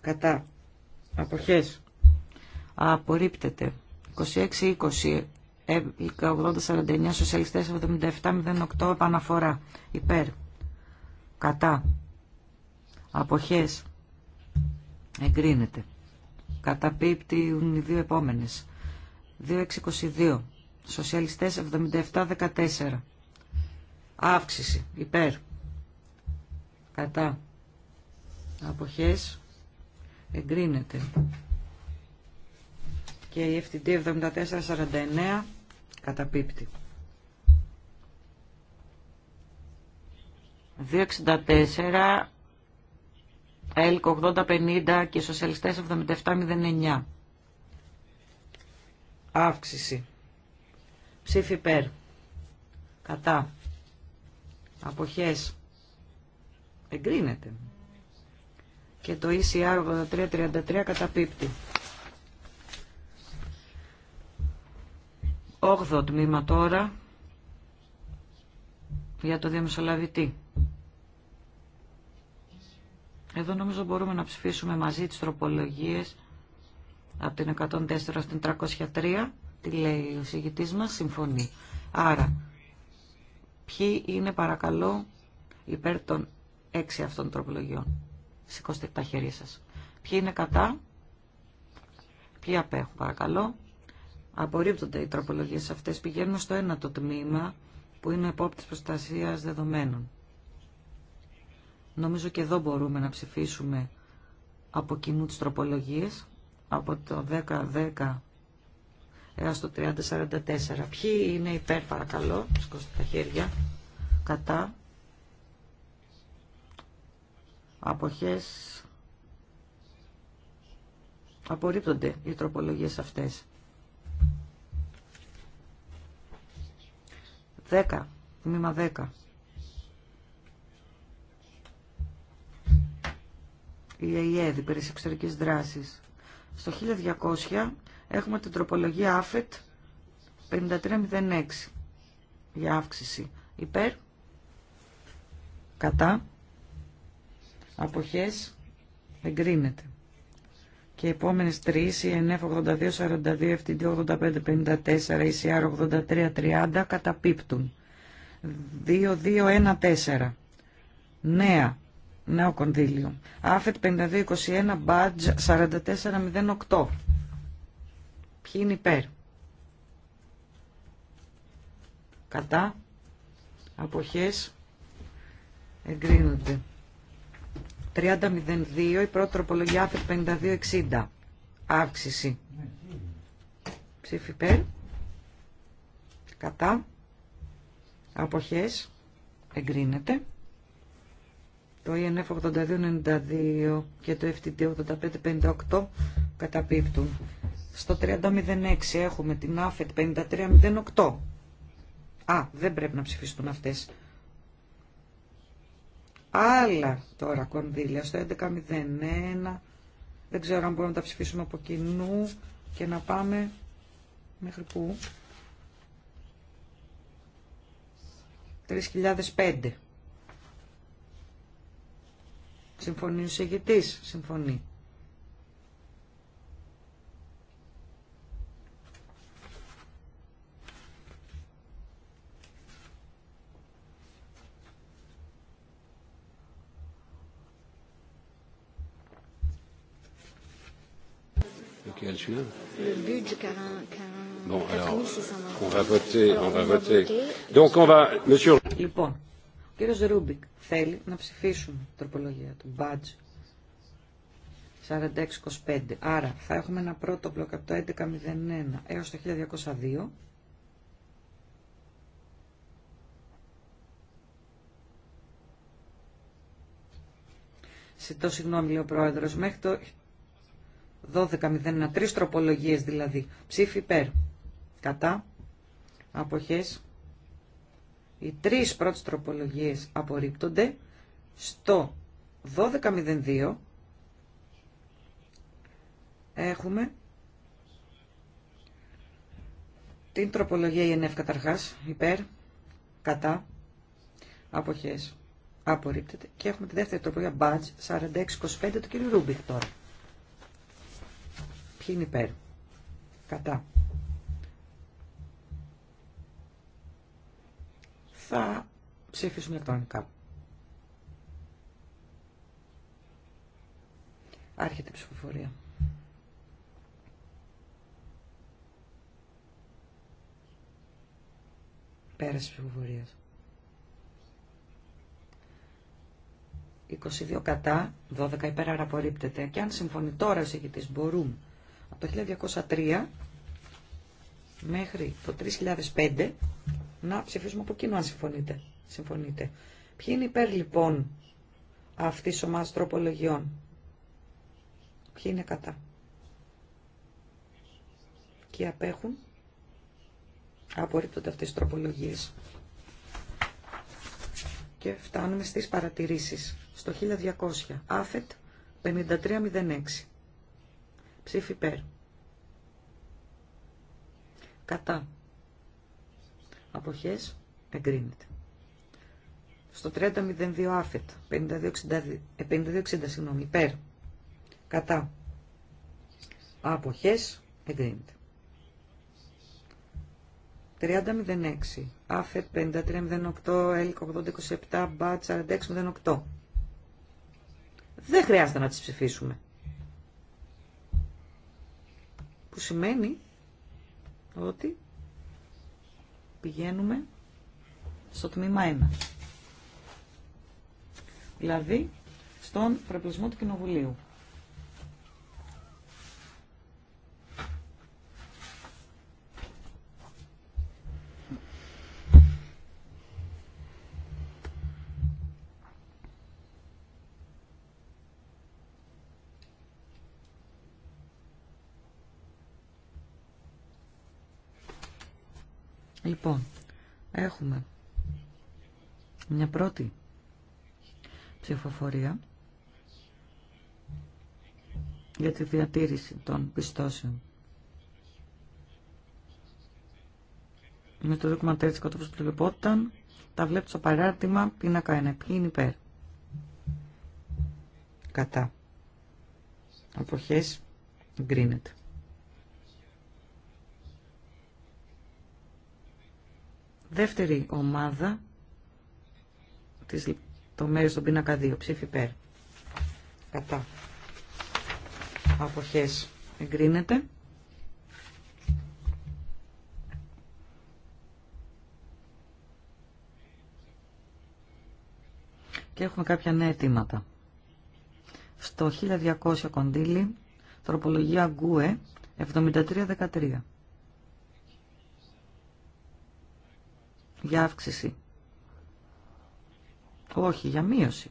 Κατά. Αποχές. Απορρίπτεται. 2620. 8049. Ε, σοσιαλιστές. 7708. Επαναφορά. Υπέρ. Κατά. Αποχές. Εγκρίνεται. Καταπίπτουν οι δύο επόμενες. 2622. Σοσιαλιστές 7714. Αύξηση. Υπέρ. Κατά. Αποχές. Εγκρίνεται. Και η FTD 7449 καταπίπτει. 264 ΕΛΚ 8050 και Σοσιαλιστές 7709. Αύξηση. Ψήφι υπέρ. Κατά. Αποχές. Εγκρίνεται. Και το ECR 8333 καταπιπτει πίπτη. τμήμα τώρα για το διαμεσολαβητή. Εδώ νομίζω μπορούμε να ψηφίσουμε μαζί τις τροπολογίες από την 104 στην 303. Τι λέει ο συγητής μας, συμφωνεί. Άρα Ποιοι είναι παρακαλώ υπέρ των έξι αυτών τροπολογιών. Σηκώστε τα χέρια σας. Ποιοι είναι κατά. Ποιοι απέχουν παρακαλώ. Απορρίπτονται οι τροπολογίες αυτές. Πηγαίνουμε στο ένα το τμήμα που είναι επόπτης προστασίας δεδομένων. Νομίζω και εδώ μπορούμε να ψηφίσουμε από κοινού τις τροπολογίες από το 10-10 έως το 3044. Ποιοι είναι υπέρ παρακαλώ, σκώστε τα χέρια, κατά, αποχές, απορρίπτονται οι τροπολογίες αυτές. 10, τμήμα 10. Η ΑΕΔ, περί εξωτερική δράση. Στο 1200 Έχουμε την τροπολογία ΑΦΕΤ 5306 για αύξηση. Υπέρ, κατά, αποχές, εγκρίνεται. Και οι επόμενες 3, η ΕΝΕΦ 8242, FTD 8554, ECR 8330 καταπίπτουν. 2214. Νέα. Νέο κονδύλιο. ΑΦΕΤ 5221, BADGE 4408. Ποιοι είναι υπέρ. Κατά. Αποχές. Εγκρίνονται. 30.02 η πρώτη τροπολογία 52.60. Αύξηση. Ψήφι υπέρ. Κατά. Αποχές. Εγκρίνεται. Το INF 8292 και το FTT 8558 καταπίπτουν. Στο 3006 έχουμε την ΑΦΕΤ 5308. Α, δεν πρέπει να ψηφιστούν αυτές. Άλλα τώρα κονδύλια στο 1101. Δεν ξέρω αν μπορούμε να τα ψηφίσουμε από κοινού και να πάμε μέχρι πού. 3005. Συμφωνεί ο συγγητής. Συμφωνεί. Lequel celui-là Le budget 40. Bon, alors, on va voter, on va voter. Donc on va, monsieur... Λοιπόν, ο κύριος Ρούμπικ θέλει να ψηφίσουν τροπολογία του badge 4625. Άρα θα έχουμε ένα πρώτο μπλοκ από το 1101 έως το 1202. Σε το συγγνώμη, λέει ο πρόεδρος, μέχρι το 12.01, τρεις τροπολογίες δηλαδή. Ψήφι υπέρ. Κατά. Αποχές. Οι τρεις πρώτες τροπολογίες απορρίπτονται στο 12.02. Έχουμε την τροπολογία ΙΕΝΕΦ καταρχάς, υπέρ, κατά, αποχές, απορρίπτεται. Και έχουμε τη δεύτερη τροπολογία Μπατζ, 4625 του κ. Ρούμπιχ τώρα. Ποιοι είναι υπέρ. Κατά. Θα ψηφίσουμε ηλεκτρονικά. Άρχεται η ψηφοφορία. Πέρασε ψηφοφορία. 22 κατά, 12 υπέρ, άρα απορρίπτεται. Και αν συμφωνεί τώρα ο μπορούν το 1203 μέχρι το 3005 να ψηφίσουμε από κοινού αν συμφωνείτε. συμφωνείτε. Ποιοι είναι υπέρ λοιπόν αυτή της τροπολογιών. Ποιοι είναι κατά. Και απέχουν. Απορρίπτονται αυτές τις τροπολογίες. Και φτάνουμε στις παρατηρήσεις. Στο 1200. Άφετ 5306. Ψήφι υπέρ. Κατά. Αποχές εγκρίνεται. Στο 30.02 άφετ. 52.60 ε, συγγνώμη. Υπέρ. Κατά. Αποχές εγκρίνεται. 30.06 άφετ 53.08 ΕΛΚ 80.27 μπατ 46.08 Δεν χρειάζεται να τις ψηφίσουμε που σημαίνει ότι πηγαίνουμε στο τμήμα 1. Δηλαδή, στον προεπλισμό του Κοινοβουλίου. Λοιπόν, έχουμε μια πρώτη ψηφοφορία για τη διατήρηση των πιστώσεων. Με το ντοκιμαντέρ της του τα βλέπω στο παράρτημα πίνακα 1. Ποιοι είναι υπέρ. Κατά. Αποχές γκρίνεται. δεύτερη ομάδα της λεπτομέρειας των πίνακα 2, ψήφι υπέρ. Κατά. Αποχές εγκρίνεται. Και έχουμε κάποια νέα αιτήματα. Στο 1200 κοντήλι, τροπολογία Γκουε, 7313. για αύξηση. Όχι, για μείωση.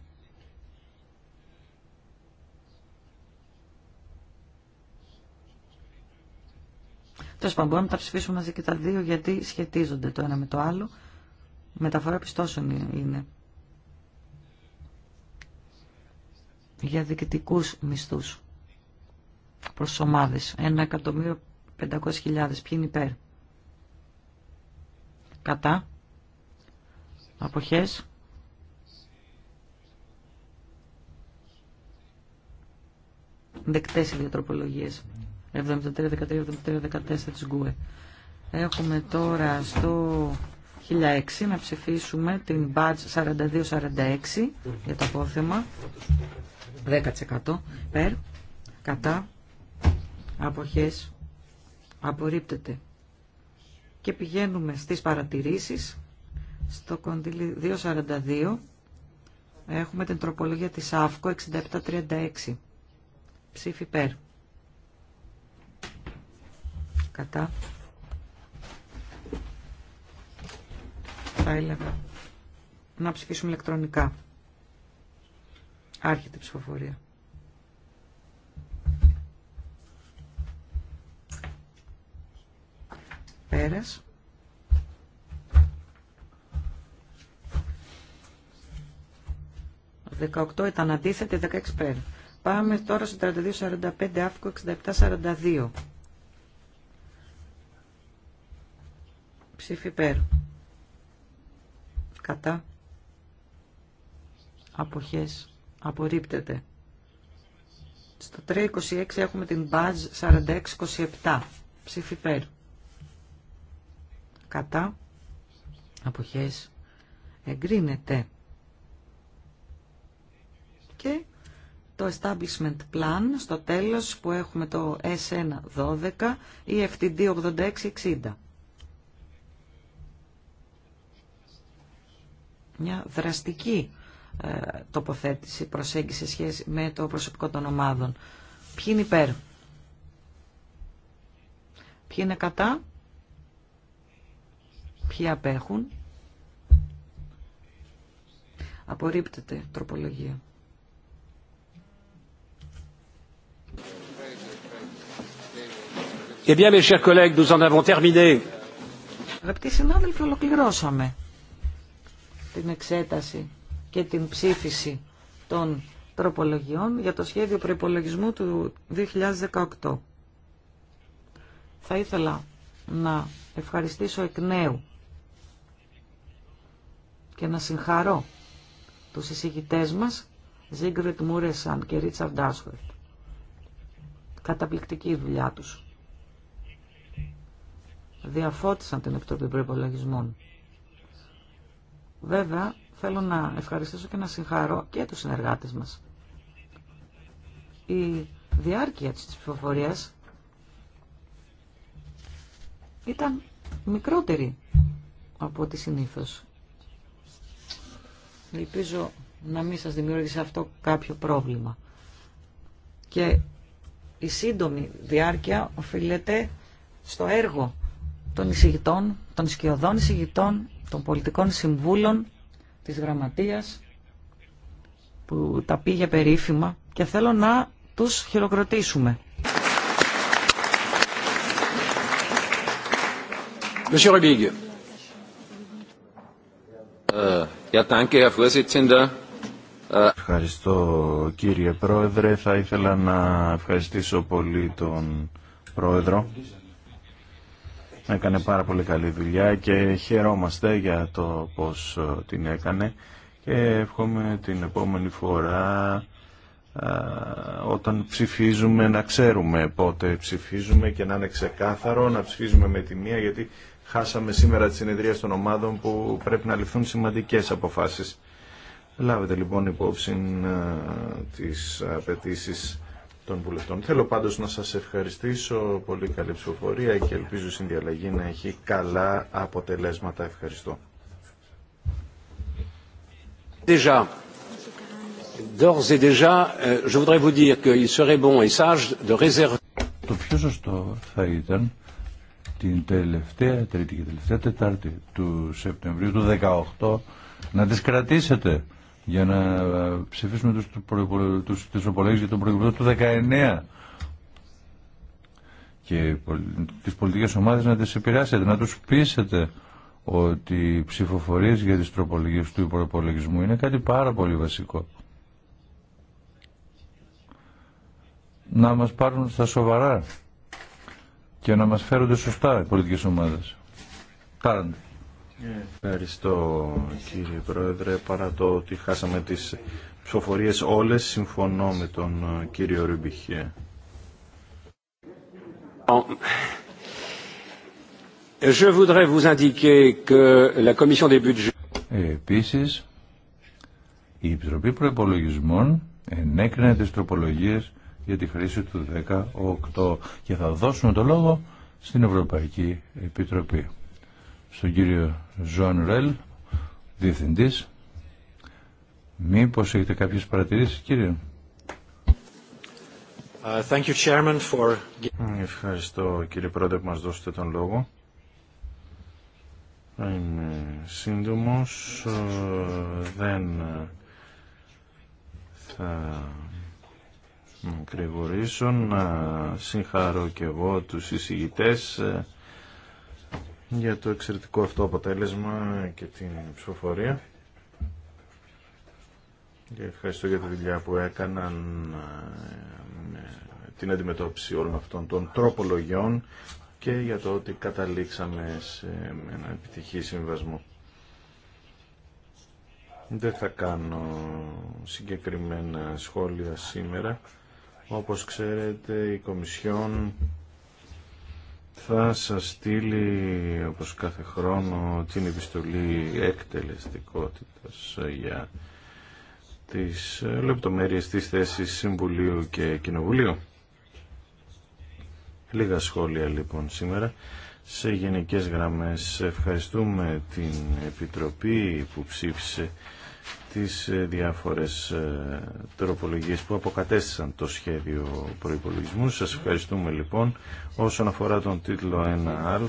Τέλο πάντων, μπορούμε να τα ψηφίσουμε μαζί και τα δύο γιατί σχετίζονται το ένα με το άλλο. Μεταφορά πιστώσεων είναι. Για διοικητικού μισθού προ ομάδε. Ένα εκατομμύριο πεντακόσιες χιλιάδες. Ποιοι είναι υπέρ. Κατά. Αποχές. Δεκτές οι διατροπολογίες. τροπολογίες. 73-13-73-14 της ΓΚΟΕ. Έχουμε τώρα στο 1006 να ψηφίσουμε την badge 46 για το απόθεμα. 10% περ, κατά, αποχές, απορρίπτεται. Και πηγαίνουμε στις παρατηρήσεις. Στο κοντιλί 242 έχουμε την τροπολογία της ΑΦΚΟ 6736. Ψήφι ΠΕΡ. Κατά. Θα έλεγα να ψηφίσουμε ηλεκτρονικά. Άρχεται η ψηφοφορία. Πέρας. 18 ήταν αντίθετη, 16 πέρ. Πάμε τώρα στο 3245 45 6742. πέρ. Κατά. Αποχές. Απορρίπτεται. Στο 326 έχουμε την μπάζ 4627. Ψήφι πέρ. Κατά. Αποχές. Εγκρίνεται και το Establishment Plan στο τέλος που έχουμε το S1-12 ή FTD-86-60. Μια δραστική ε, τοποθέτηση, προσέγγιση σε σχέση με το προσωπικό των ομάδων. Ποιοι είναι υπέρ. Ποιοι είναι κατά. Ποιοι απέχουν. Απορρίπτεται τροπολογία. Eh bien, mes chers collègues, nous en avons terminé. Αγαπητοί συνάδελφοι, ολοκληρώσαμε την εξέταση και την ψήφιση των τροπολογιών για το σχέδιο προϋπολογισμού του 2018. Θα ήθελα να ευχαριστήσω εκ νέου και να συγχαρώ τους εισηγητές μας, Ζίγκριτ Μούρεσαν και Ρίτσαρντ Άσχορτ. Καταπληκτική δουλειά τους διαφώτισαν την Επιτροπή Προπολογισμών. Βέβαια, θέλω να ευχαριστήσω και να συγχαρώ και τους συνεργάτες μας. Η διάρκεια της ψηφοφορία ήταν μικρότερη από ό,τι συνήθως. Ελπίζω να μην σας δημιούργησε αυτό κάποιο πρόβλημα. Και η σύντομη διάρκεια οφείλεται στο έργο των εισηγητών, των σκιωδών εισηγητών, των πολιτικών συμβούλων, της γραμματείας που τα πήγε περίφημα και θέλω να τους χειροκροτήσουμε. Ε, ε, Ευχαριστώ κύριε Πρόεδρε. Θα ήθελα να ευχαριστήσω πολύ τον Πρόεδρο έκανε πάρα πολύ καλή δουλειά και χαιρόμαστε για το πώς ε, την έκανε και εύχομαι την επόμενη φορά ε, όταν ψηφίζουμε να ξέρουμε πότε ψηφίζουμε και να είναι ξεκάθαρο να ψηφίζουμε με τη μία γιατί χάσαμε σήμερα τη συνεδρία των ομάδων που πρέπει να ληφθούν σημαντικές αποφάσεις. Λάβετε λοιπόν υπόψη ε, τις απαιτήσει Θέλω πάντως να σας ευχαριστήσω. Πολύ καλή ψηφοφορία και ελπίζω η συνδιαλλαγή να έχει καλά αποτελέσματα. Ευχαριστώ. Déjà, d'ores et déjà, euh, je voudrais vous dire qu'il serait bon et sage de réserver. Το πιο σωστό θα ήταν την τελευταία τρίτη και τελευταία τετάρτη του Σεπτεμβρίου του 2018 να τις κρατήσετε για να ε, ψηφίσουμε τους, τους, για τον προϋπολογισμό του 19 και τις πολιτικές ομάδες να τις επηρεάσετε, να τους πείσετε ότι οι ψηφοφορίες για τις τροπολογίες του υπολογισμού είναι κάτι πάρα πολύ βασικό. Να μας πάρουν στα σοβαρά και να μας φέρονται σωστά οι πολιτικές ομάδες. Τάραντε. Ευχαριστώ κύριε Πρόεδρε. Παρά το ότι χάσαμε τις ψηφοφορίες όλες, συμφωνώ με τον ε, κύριο Ρουμπιχέ. Je voudrais vous indiquer que la Commission des budgets... Ε, επίσης, η Επιτροπή Προεπολογισμών ενέκρινε τις τροπολογίες για τη χρήση του 18 και θα δώσουμε το λόγο στην Ευρωπαϊκή Επιτροπή στον κύριο Ζωάν Ρέλ, διευθυντής. Μήπως έχετε κάποιες παρατηρήσεις, κύριε. Uh, for... Ευχαριστώ, κύριε Πρόεδρε, που μας δώσετε τον λόγο. Είμαι σύντομος. Ε, δεν ε, θα γρηγορήσω να συγχαρώ και εγώ τους εισηγητές ε, για το εξαιρετικό αυτό αποτέλεσμα και την ψηφοφορία. Και ευχαριστώ για τη δουλειά που έκαναν ε, με την αντιμετώπιση όλων αυτών των τροπολογιών και για το ότι καταλήξαμε σε ένα επιτυχή συμβασμό. Δεν θα κάνω συγκεκριμένα σχόλια σήμερα. Όπως ξέρετε, η Κομισιόν θα σα στείλει όπως κάθε χρόνο την επιστολή εκτελεστικότητας για τις λεπτομέρειες της θέσης Συμβουλίου και Κοινοβουλίου. Λίγα σχόλια λοιπόν σήμερα. Σε γενικές γραμμές ευχαριστούμε την Επιτροπή που ψήφισε τις ε, διάφορες ε, τροπολογίες που αποκατέστησαν το σχέδιο προϋπολογισμού. Σας ευχαριστούμε λοιπόν. Όσον αφορά τον τίτλο 1α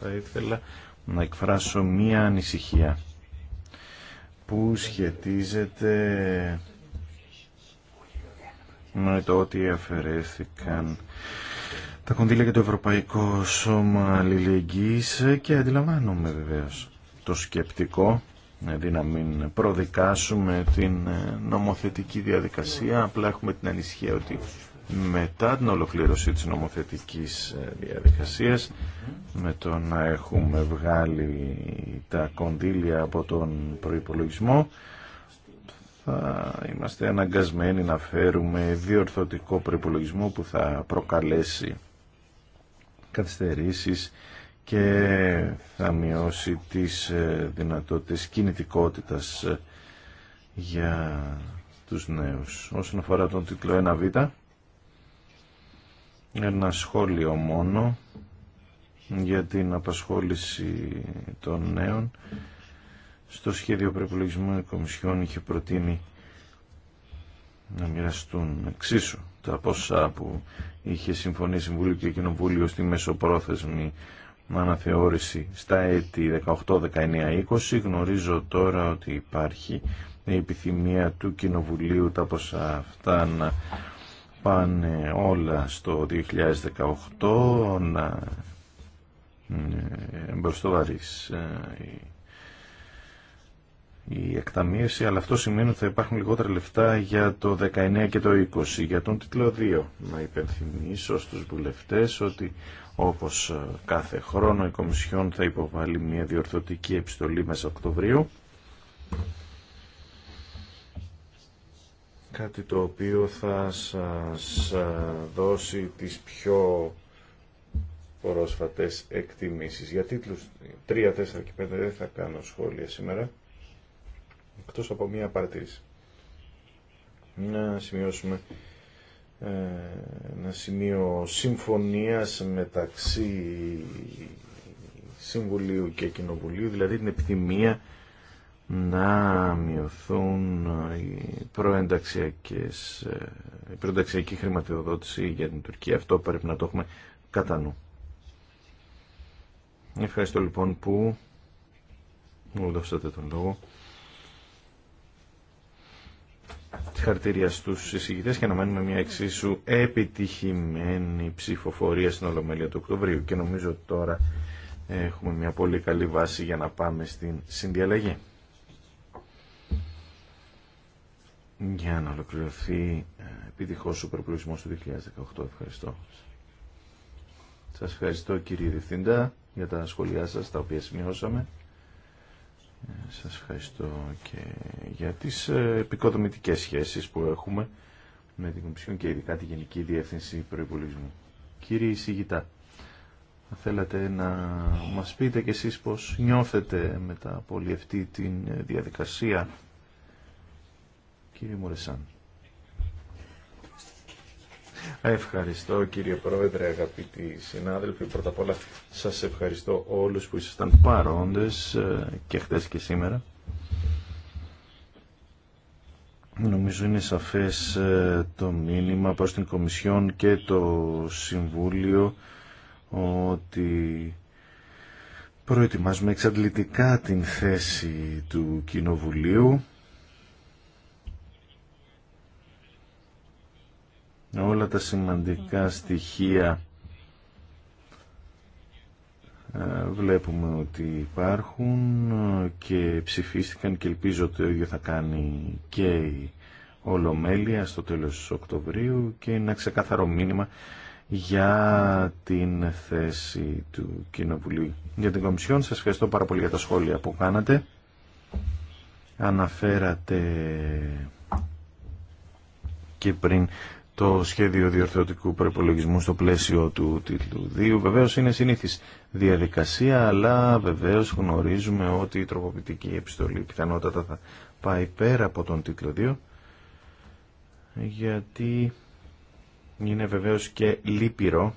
θα ήθελα να εκφράσω μία ανησυχία που σχετίζεται με το ότι αφαιρέθηκαν τα κονδύλια για το Ευρωπαϊκό Σώμα Αλληλεγγύης και αντιλαμβάνομαι βεβαίως το σκεπτικό δηλαδή να μην προδικάσουμε την ε, νομοθετική διαδικασία, απλά έχουμε την ανησυχία ότι μετά την ολοκλήρωση της νομοθετικής ε, διαδικασίας με το να έχουμε βγάλει τα κονδύλια από τον προϋπολογισμό θα είμαστε αναγκασμένοι να φέρουμε διορθωτικό προϋπολογισμό που θα προκαλέσει καθυστερήσεις και θα μειώσει τις ε, δυνατότητες κινητικότητας ε, για τους νέους. Όσον αφορά τον τίτλο 1β, ένα σχόλιο μόνο για την απασχόληση των νέων. Στο σχέδιο προπολογισμού η Κομισιόν είχε προτείνει να μοιραστούν εξίσου τα ποσά που είχε συμφωνήσει Συμβουλή και Κοινοβούλιο στη μεσοπρόθεσμη αναθεώρηση στα έτη 18-19-20. Γνωρίζω τώρα ότι υπάρχει η επιθυμία του Κοινοβουλίου τα ποσά αυτά να πάνε όλα στο 2018 να ε, μπροστοβαρείς ε, η εκταμίευση, αλλά αυτό σημαίνει ότι θα υπάρχουν λιγότερα λεφτά για το 19 και το 20. Για τον τίτλο 2, να υπενθυμίσω στους βουλευτές ότι όπως ε, κάθε χρόνο η Κομισιόν θα υποβάλει μια διορθωτική επιστολή μέσα Οκτωβρίου. Κάτι το οποίο θα σας ε, δώσει τις πιο πρόσφατες εκτιμήσεις. Για τίτλους 3, 4 και 5 δεν θα κάνω σχόλια σήμερα, εκτός από μία παρατήρηση. Να σημειώσουμε ένα σημείο συμφωνίας μεταξύ Συμβουλίου και Κοινοβουλίου, δηλαδή την επιθυμία να μειωθούν οι προενταξιακές, η προενταξιακή χρηματοδότηση για την Τουρκία. Αυτό πρέπει να το έχουμε κατά νου. Ευχαριστώ λοιπόν που μου δώσατε τον λόγο τη χαρτίρια στους και αναμένουμε μια εξίσου επιτυχημένη ψηφοφορία στην Ολομέλεια του Οκτωβρίου και νομίζω τώρα έχουμε μια πολύ καλή βάση για να πάμε στην συνδιαλλαγή. Για να ολοκληρωθεί ε, επιτυχώ ο προπολογισμό του 2018. Ευχαριστώ. Σα ευχαριστώ κύριε Διευθύντα για τα σχόλιά σα τα οποία σημειώσαμε. Σας ευχαριστώ και για τις ε, επικοδομητικές σχέσεις που έχουμε με την Κομισιόν και ειδικά τη Γενική Διεύθυνση Προϋπολογισμού. Κύριε Ισηγητά, θα θέλατε να μας πείτε κι εσείς πώς νιώθετε μετά από όλη αυτή τη διαδικασία. Κύριε Μουρεσάν. Ευχαριστώ κύριε Πρόεδρε, αγαπητοί συνάδελφοι. Πρώτα απ' όλα σας ευχαριστώ όλους που ήσασταν παρόντες ε, και χτες και σήμερα. Νομίζω είναι σαφές ε, το μήνυμα προς την Κομισιόν και το Συμβούλιο ότι προετοιμάζουμε εξαντλητικά την θέση του Κοινοβουλίου όλα τα σημαντικά στοιχεία ε, βλέπουμε ότι υπάρχουν και ψηφίστηκαν και ελπίζω ότι το ίδιο θα κάνει και η Ολομέλεια στο τέλος του Οκτωβρίου και ένα ξεκάθαρο μήνυμα για την θέση του Κοινοβουλίου. Για την Κομισιόν σας ευχαριστώ πάρα πολύ για τα σχόλια που κάνατε. Αναφέρατε και πριν το σχέδιο διορθωτικού προπολογισμού στο πλαίσιο του τίτλου 2. Βεβαίω είναι συνήθι διαδικασία, αλλά βεβαίω γνωρίζουμε ότι η τροποποιητική επιστολή πιθανότατα θα πάει πέρα από τον τίτλο 2, γιατί είναι βεβαίω και λύπηρο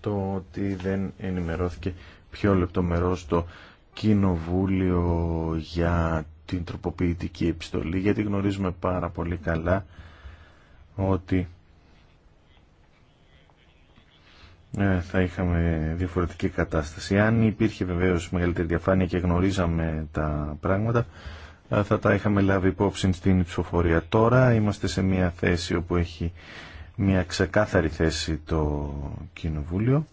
το ότι δεν ενημερώθηκε πιο λεπτομερό το Κοινοβούλιο για την τροποποιητική επιστολή, γιατί γνωρίζουμε πάρα πολύ καλά ότι ε, θα είχαμε διαφορετική κατάσταση. Αν υπήρχε βεβαίως μεγαλύτερη διαφάνεια και γνωρίζαμε τα πράγματα, ε, θα τα είχαμε λάβει υπόψη στην ψηφοφορία. Τώρα είμαστε σε μια θέση όπου έχει μια ξεκάθαρη θέση το Κοινοβούλιο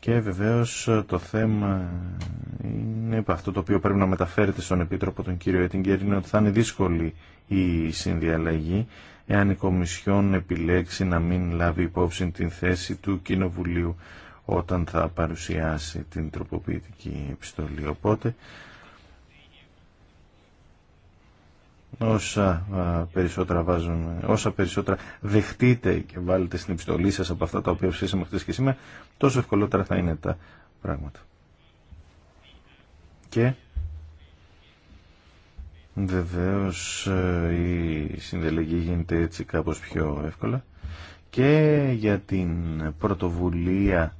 και βεβαίως ε, το θέμα αυτό το οποίο πρέπει να μεταφέρετε στον Επίτροπο τον κύριο Έτιγκερ είναι ότι θα είναι δύσκολη η συνδιαλλαγή εάν η Κομισιόν επιλέξει να μην λάβει υπόψη την θέση του Κοινοβουλίου όταν θα παρουσιάσει την τροποποιητική επιστολή. Οπότε, όσα περισσότερα βάζουμε, όσα περισσότερα δεχτείτε και βάλετε στην επιστολή σας από αυτά τα οποία ψήσαμε χθες και σήμερα, τόσο ευκολότερα θα είναι τα πράγματα και βεβαίως ε, η συνδελεγή γίνεται έτσι κάπως πιο εύκολα και για την πρωτοβουλία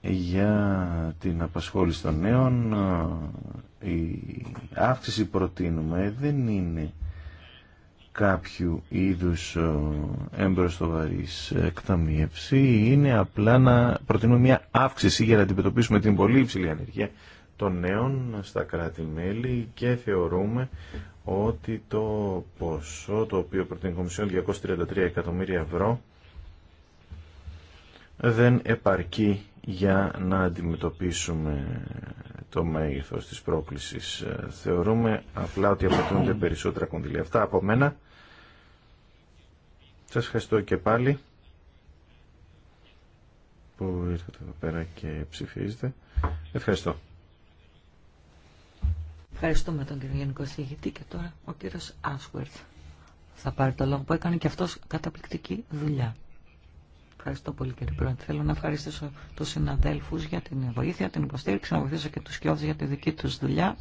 για την απασχόληση των νέων ε, η αύξηση προτείνουμε δεν είναι κάποιου είδους εμπροστοβαρής εκταμίευση είναι απλά να προτείνουμε μια αύξηση για να αντιμετωπίσουμε την πολύ υψηλή ανεργία των νέων στα κράτη-μέλη και θεωρούμε ότι το ποσό το οποίο προτείνει η Κομισιόν 233 εκατομμύρια ευρώ δεν επαρκεί για να αντιμετωπίσουμε το μέγεθος της πρόκλησης. Θεωρούμε απλά ότι απαιτούνται περισσότερα κονδυλία. Αυτά από μένα. Σας ευχαριστώ και πάλι που ήρθατε εδώ πέρα και ψηφίζετε. Ευχαριστώ. Ευχαριστούμε τον κύριο Γενικό Συγητή και τώρα ο κύριος Άσουερθ θα πάρει το λόγο που έκανε και αυτός καταπληκτική δουλειά. Ευχαριστώ πολύ κύριε Πρόεδρε. Θέλω να ευχαριστήσω τους συναδέλφους για την βοήθεια, την υποστήριξη, να βοηθήσω και τους σκιώδους για τη δική τους δουλειά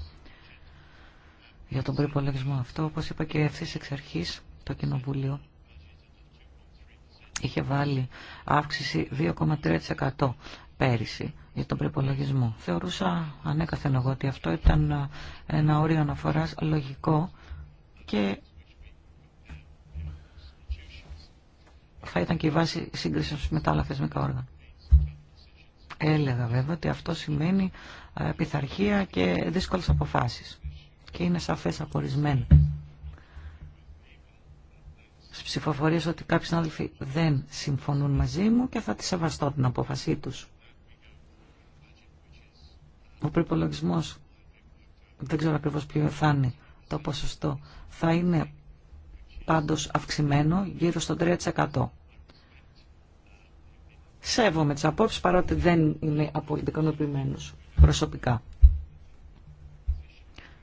για τον προπολογισμό αυτό. Όπως είπα και ευθύ εξ αρχής το Κοινοβούλιο είχε βάλει αύξηση 2,3% πέρυσι για τον προπολογισμό. Θεωρούσα ανέκαθεν εγώ ότι αυτό ήταν ε, ένα όριο αναφοράς λογικό και θα ήταν και η βάση σύγκριση με τα άλλα θεσμικά όργανα. Έλεγα βέβαια ότι αυτό σημαίνει ε, πειθαρχία και δύσκολες αποφάσεις και είναι σαφές απορισμένο. Στις ψηφοφορίες ότι κάποιοι συνάδελφοι δεν συμφωνούν μαζί μου και θα τη σεβαστώ την απόφασή τους ο προπολογισμό, δεν ξέρω ακριβώ ποιο θα είναι το ποσοστό, θα είναι πάντω αυξημένο γύρω στο 3%. Σέβομαι τις απόψεις παρότι δεν είμαι απόλυτα προσωπικά.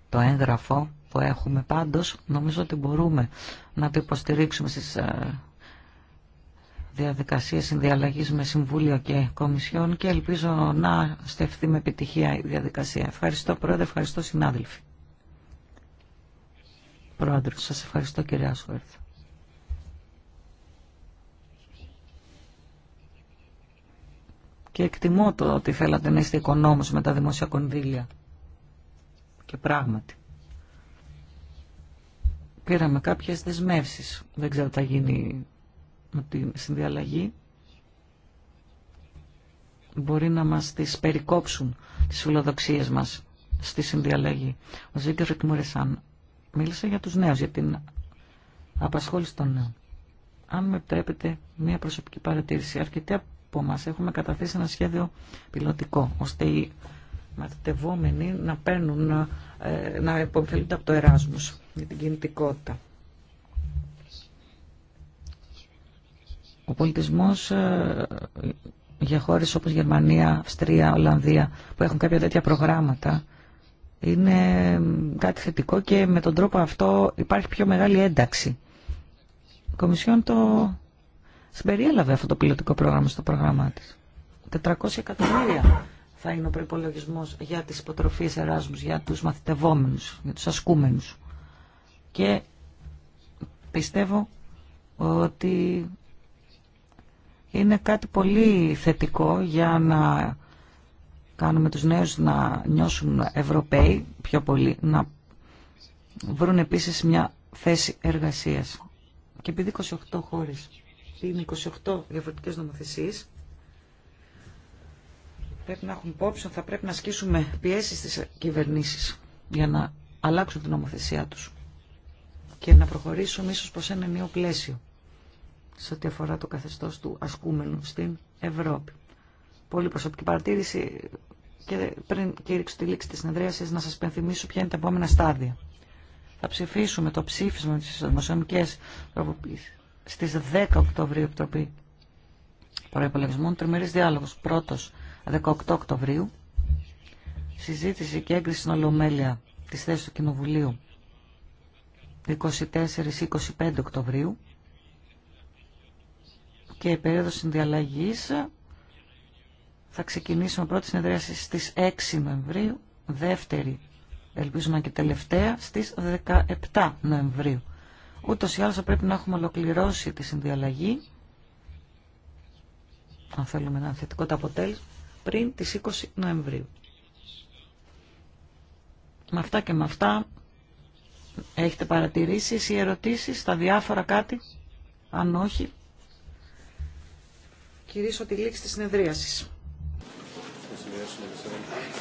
Το έγγραφο που έχουμε πάντως νομίζω ότι μπορούμε να το υποστηρίξουμε στις ε, διαδικασία συνδιαλλαγής με Συμβούλιο και Κομισιόν και ελπίζω να στεφθεί με επιτυχία η διαδικασία. Ευχαριστώ Πρόεδρε, ευχαριστώ συνάδελφοι. Πρόεδρε, σας ευχαριστώ κυρία Σουέρθ. Και εκτιμώ το ότι θέλατε να είστε οικονόμος με τα δημόσια κονδύλια. Και πράγματι. Πήραμε κάποιες δεσμεύσεις. Δεν ξέρω τι θα γίνει με τη συνδιαλλαγή μπορεί να μας τις περικόψουν τις φιλοδοξίες μας στη συνδιαλλαγή. Ο Ζήκερ Ρεκμούρεσαν μίλησε για τους νέους, για την απασχόληση των νέων. Αν με επιτρέπετε μια προσωπική παρατήρηση, αρκετοί από εμά έχουμε καταθέσει ένα σχέδιο πιλωτικό, ώστε οι μαθητευόμενοι να παίρνουν, ε, να, να από το Εράσμους για την κινητικότητα. Ο πολιτισμός ε, για χώρες όπως Γερμανία, Αυστρία, Ολλανδία που έχουν κάποια τέτοια προγράμματα είναι κάτι θετικό και με τον τρόπο αυτό υπάρχει πιο μεγάλη ένταξη. Η Κομισιόν το συμπεριέλαβε αυτό το πιλωτικό πρόγραμμα στο πρόγραμμά της. 400 εκατομμύρια θα είναι ο προπολογισμό για τις υποτροφίες Εράσμους, για τους μαθητευόμενους, για τους ασκούμενους. Και πιστεύω ότι είναι κάτι πολύ θετικό για να κάνουμε τους νέους να νιώσουν Ευρωπαίοι πιο πολύ, να βρουν επίσης μια θέση εργασίας. Και επειδή 28 χώρες είναι 28 διαφορετικές νομοθεσίες, πρέπει να έχουν υπόψη ότι θα πρέπει να ασκήσουμε πιέσεις στις κυβερνήσεις για να αλλάξουν την νομοθεσία τους και να προχωρήσουμε ίσως προς ένα νέο πλαίσιο σε ό,τι αφορά το καθεστώς του ασκούμενου στην Ευρώπη. Πολύ προσωπική παρατήρηση και πριν κήρυξω τη λήξη της συνεδρίασης να σας πενθυμίσω ποια είναι τα επόμενα στάδια. Θα ψηφίσουμε το ψήφισμα της δημοσιονομικές τροποποίησης στις 10 Οκτωβρίου Επιτροπή Προϋπολογισμών, τριμερής διάλογος, πρώτος 18 Οκτωβρίου, συζήτηση και έγκριση στην Ολομέλεια της θέσης του Κοινοβουλίου 24-25 Οκτωβρίου, και η περίοδος συνδιαλλαγής. Θα ξεκινήσουμε πρώτη συνεδρίαση στις 6 Νοεμβρίου, δεύτερη, ελπίζουμε και τελευταία, στις 17 Νοεμβρίου. Ούτως ή άλλως θα πρέπει να έχουμε ολοκληρώσει τη συνδιαλλαγή, αν θέλουμε ένα θετικό το αποτέλεσμα, πριν τις 20 Νοεμβρίου. Με αυτά και με αυτά έχετε παρατηρήσεις ή ερωτήσεις στα διάφορα κάτι, αν όχι κηρύσω τη λήξη της συνεδρίασης.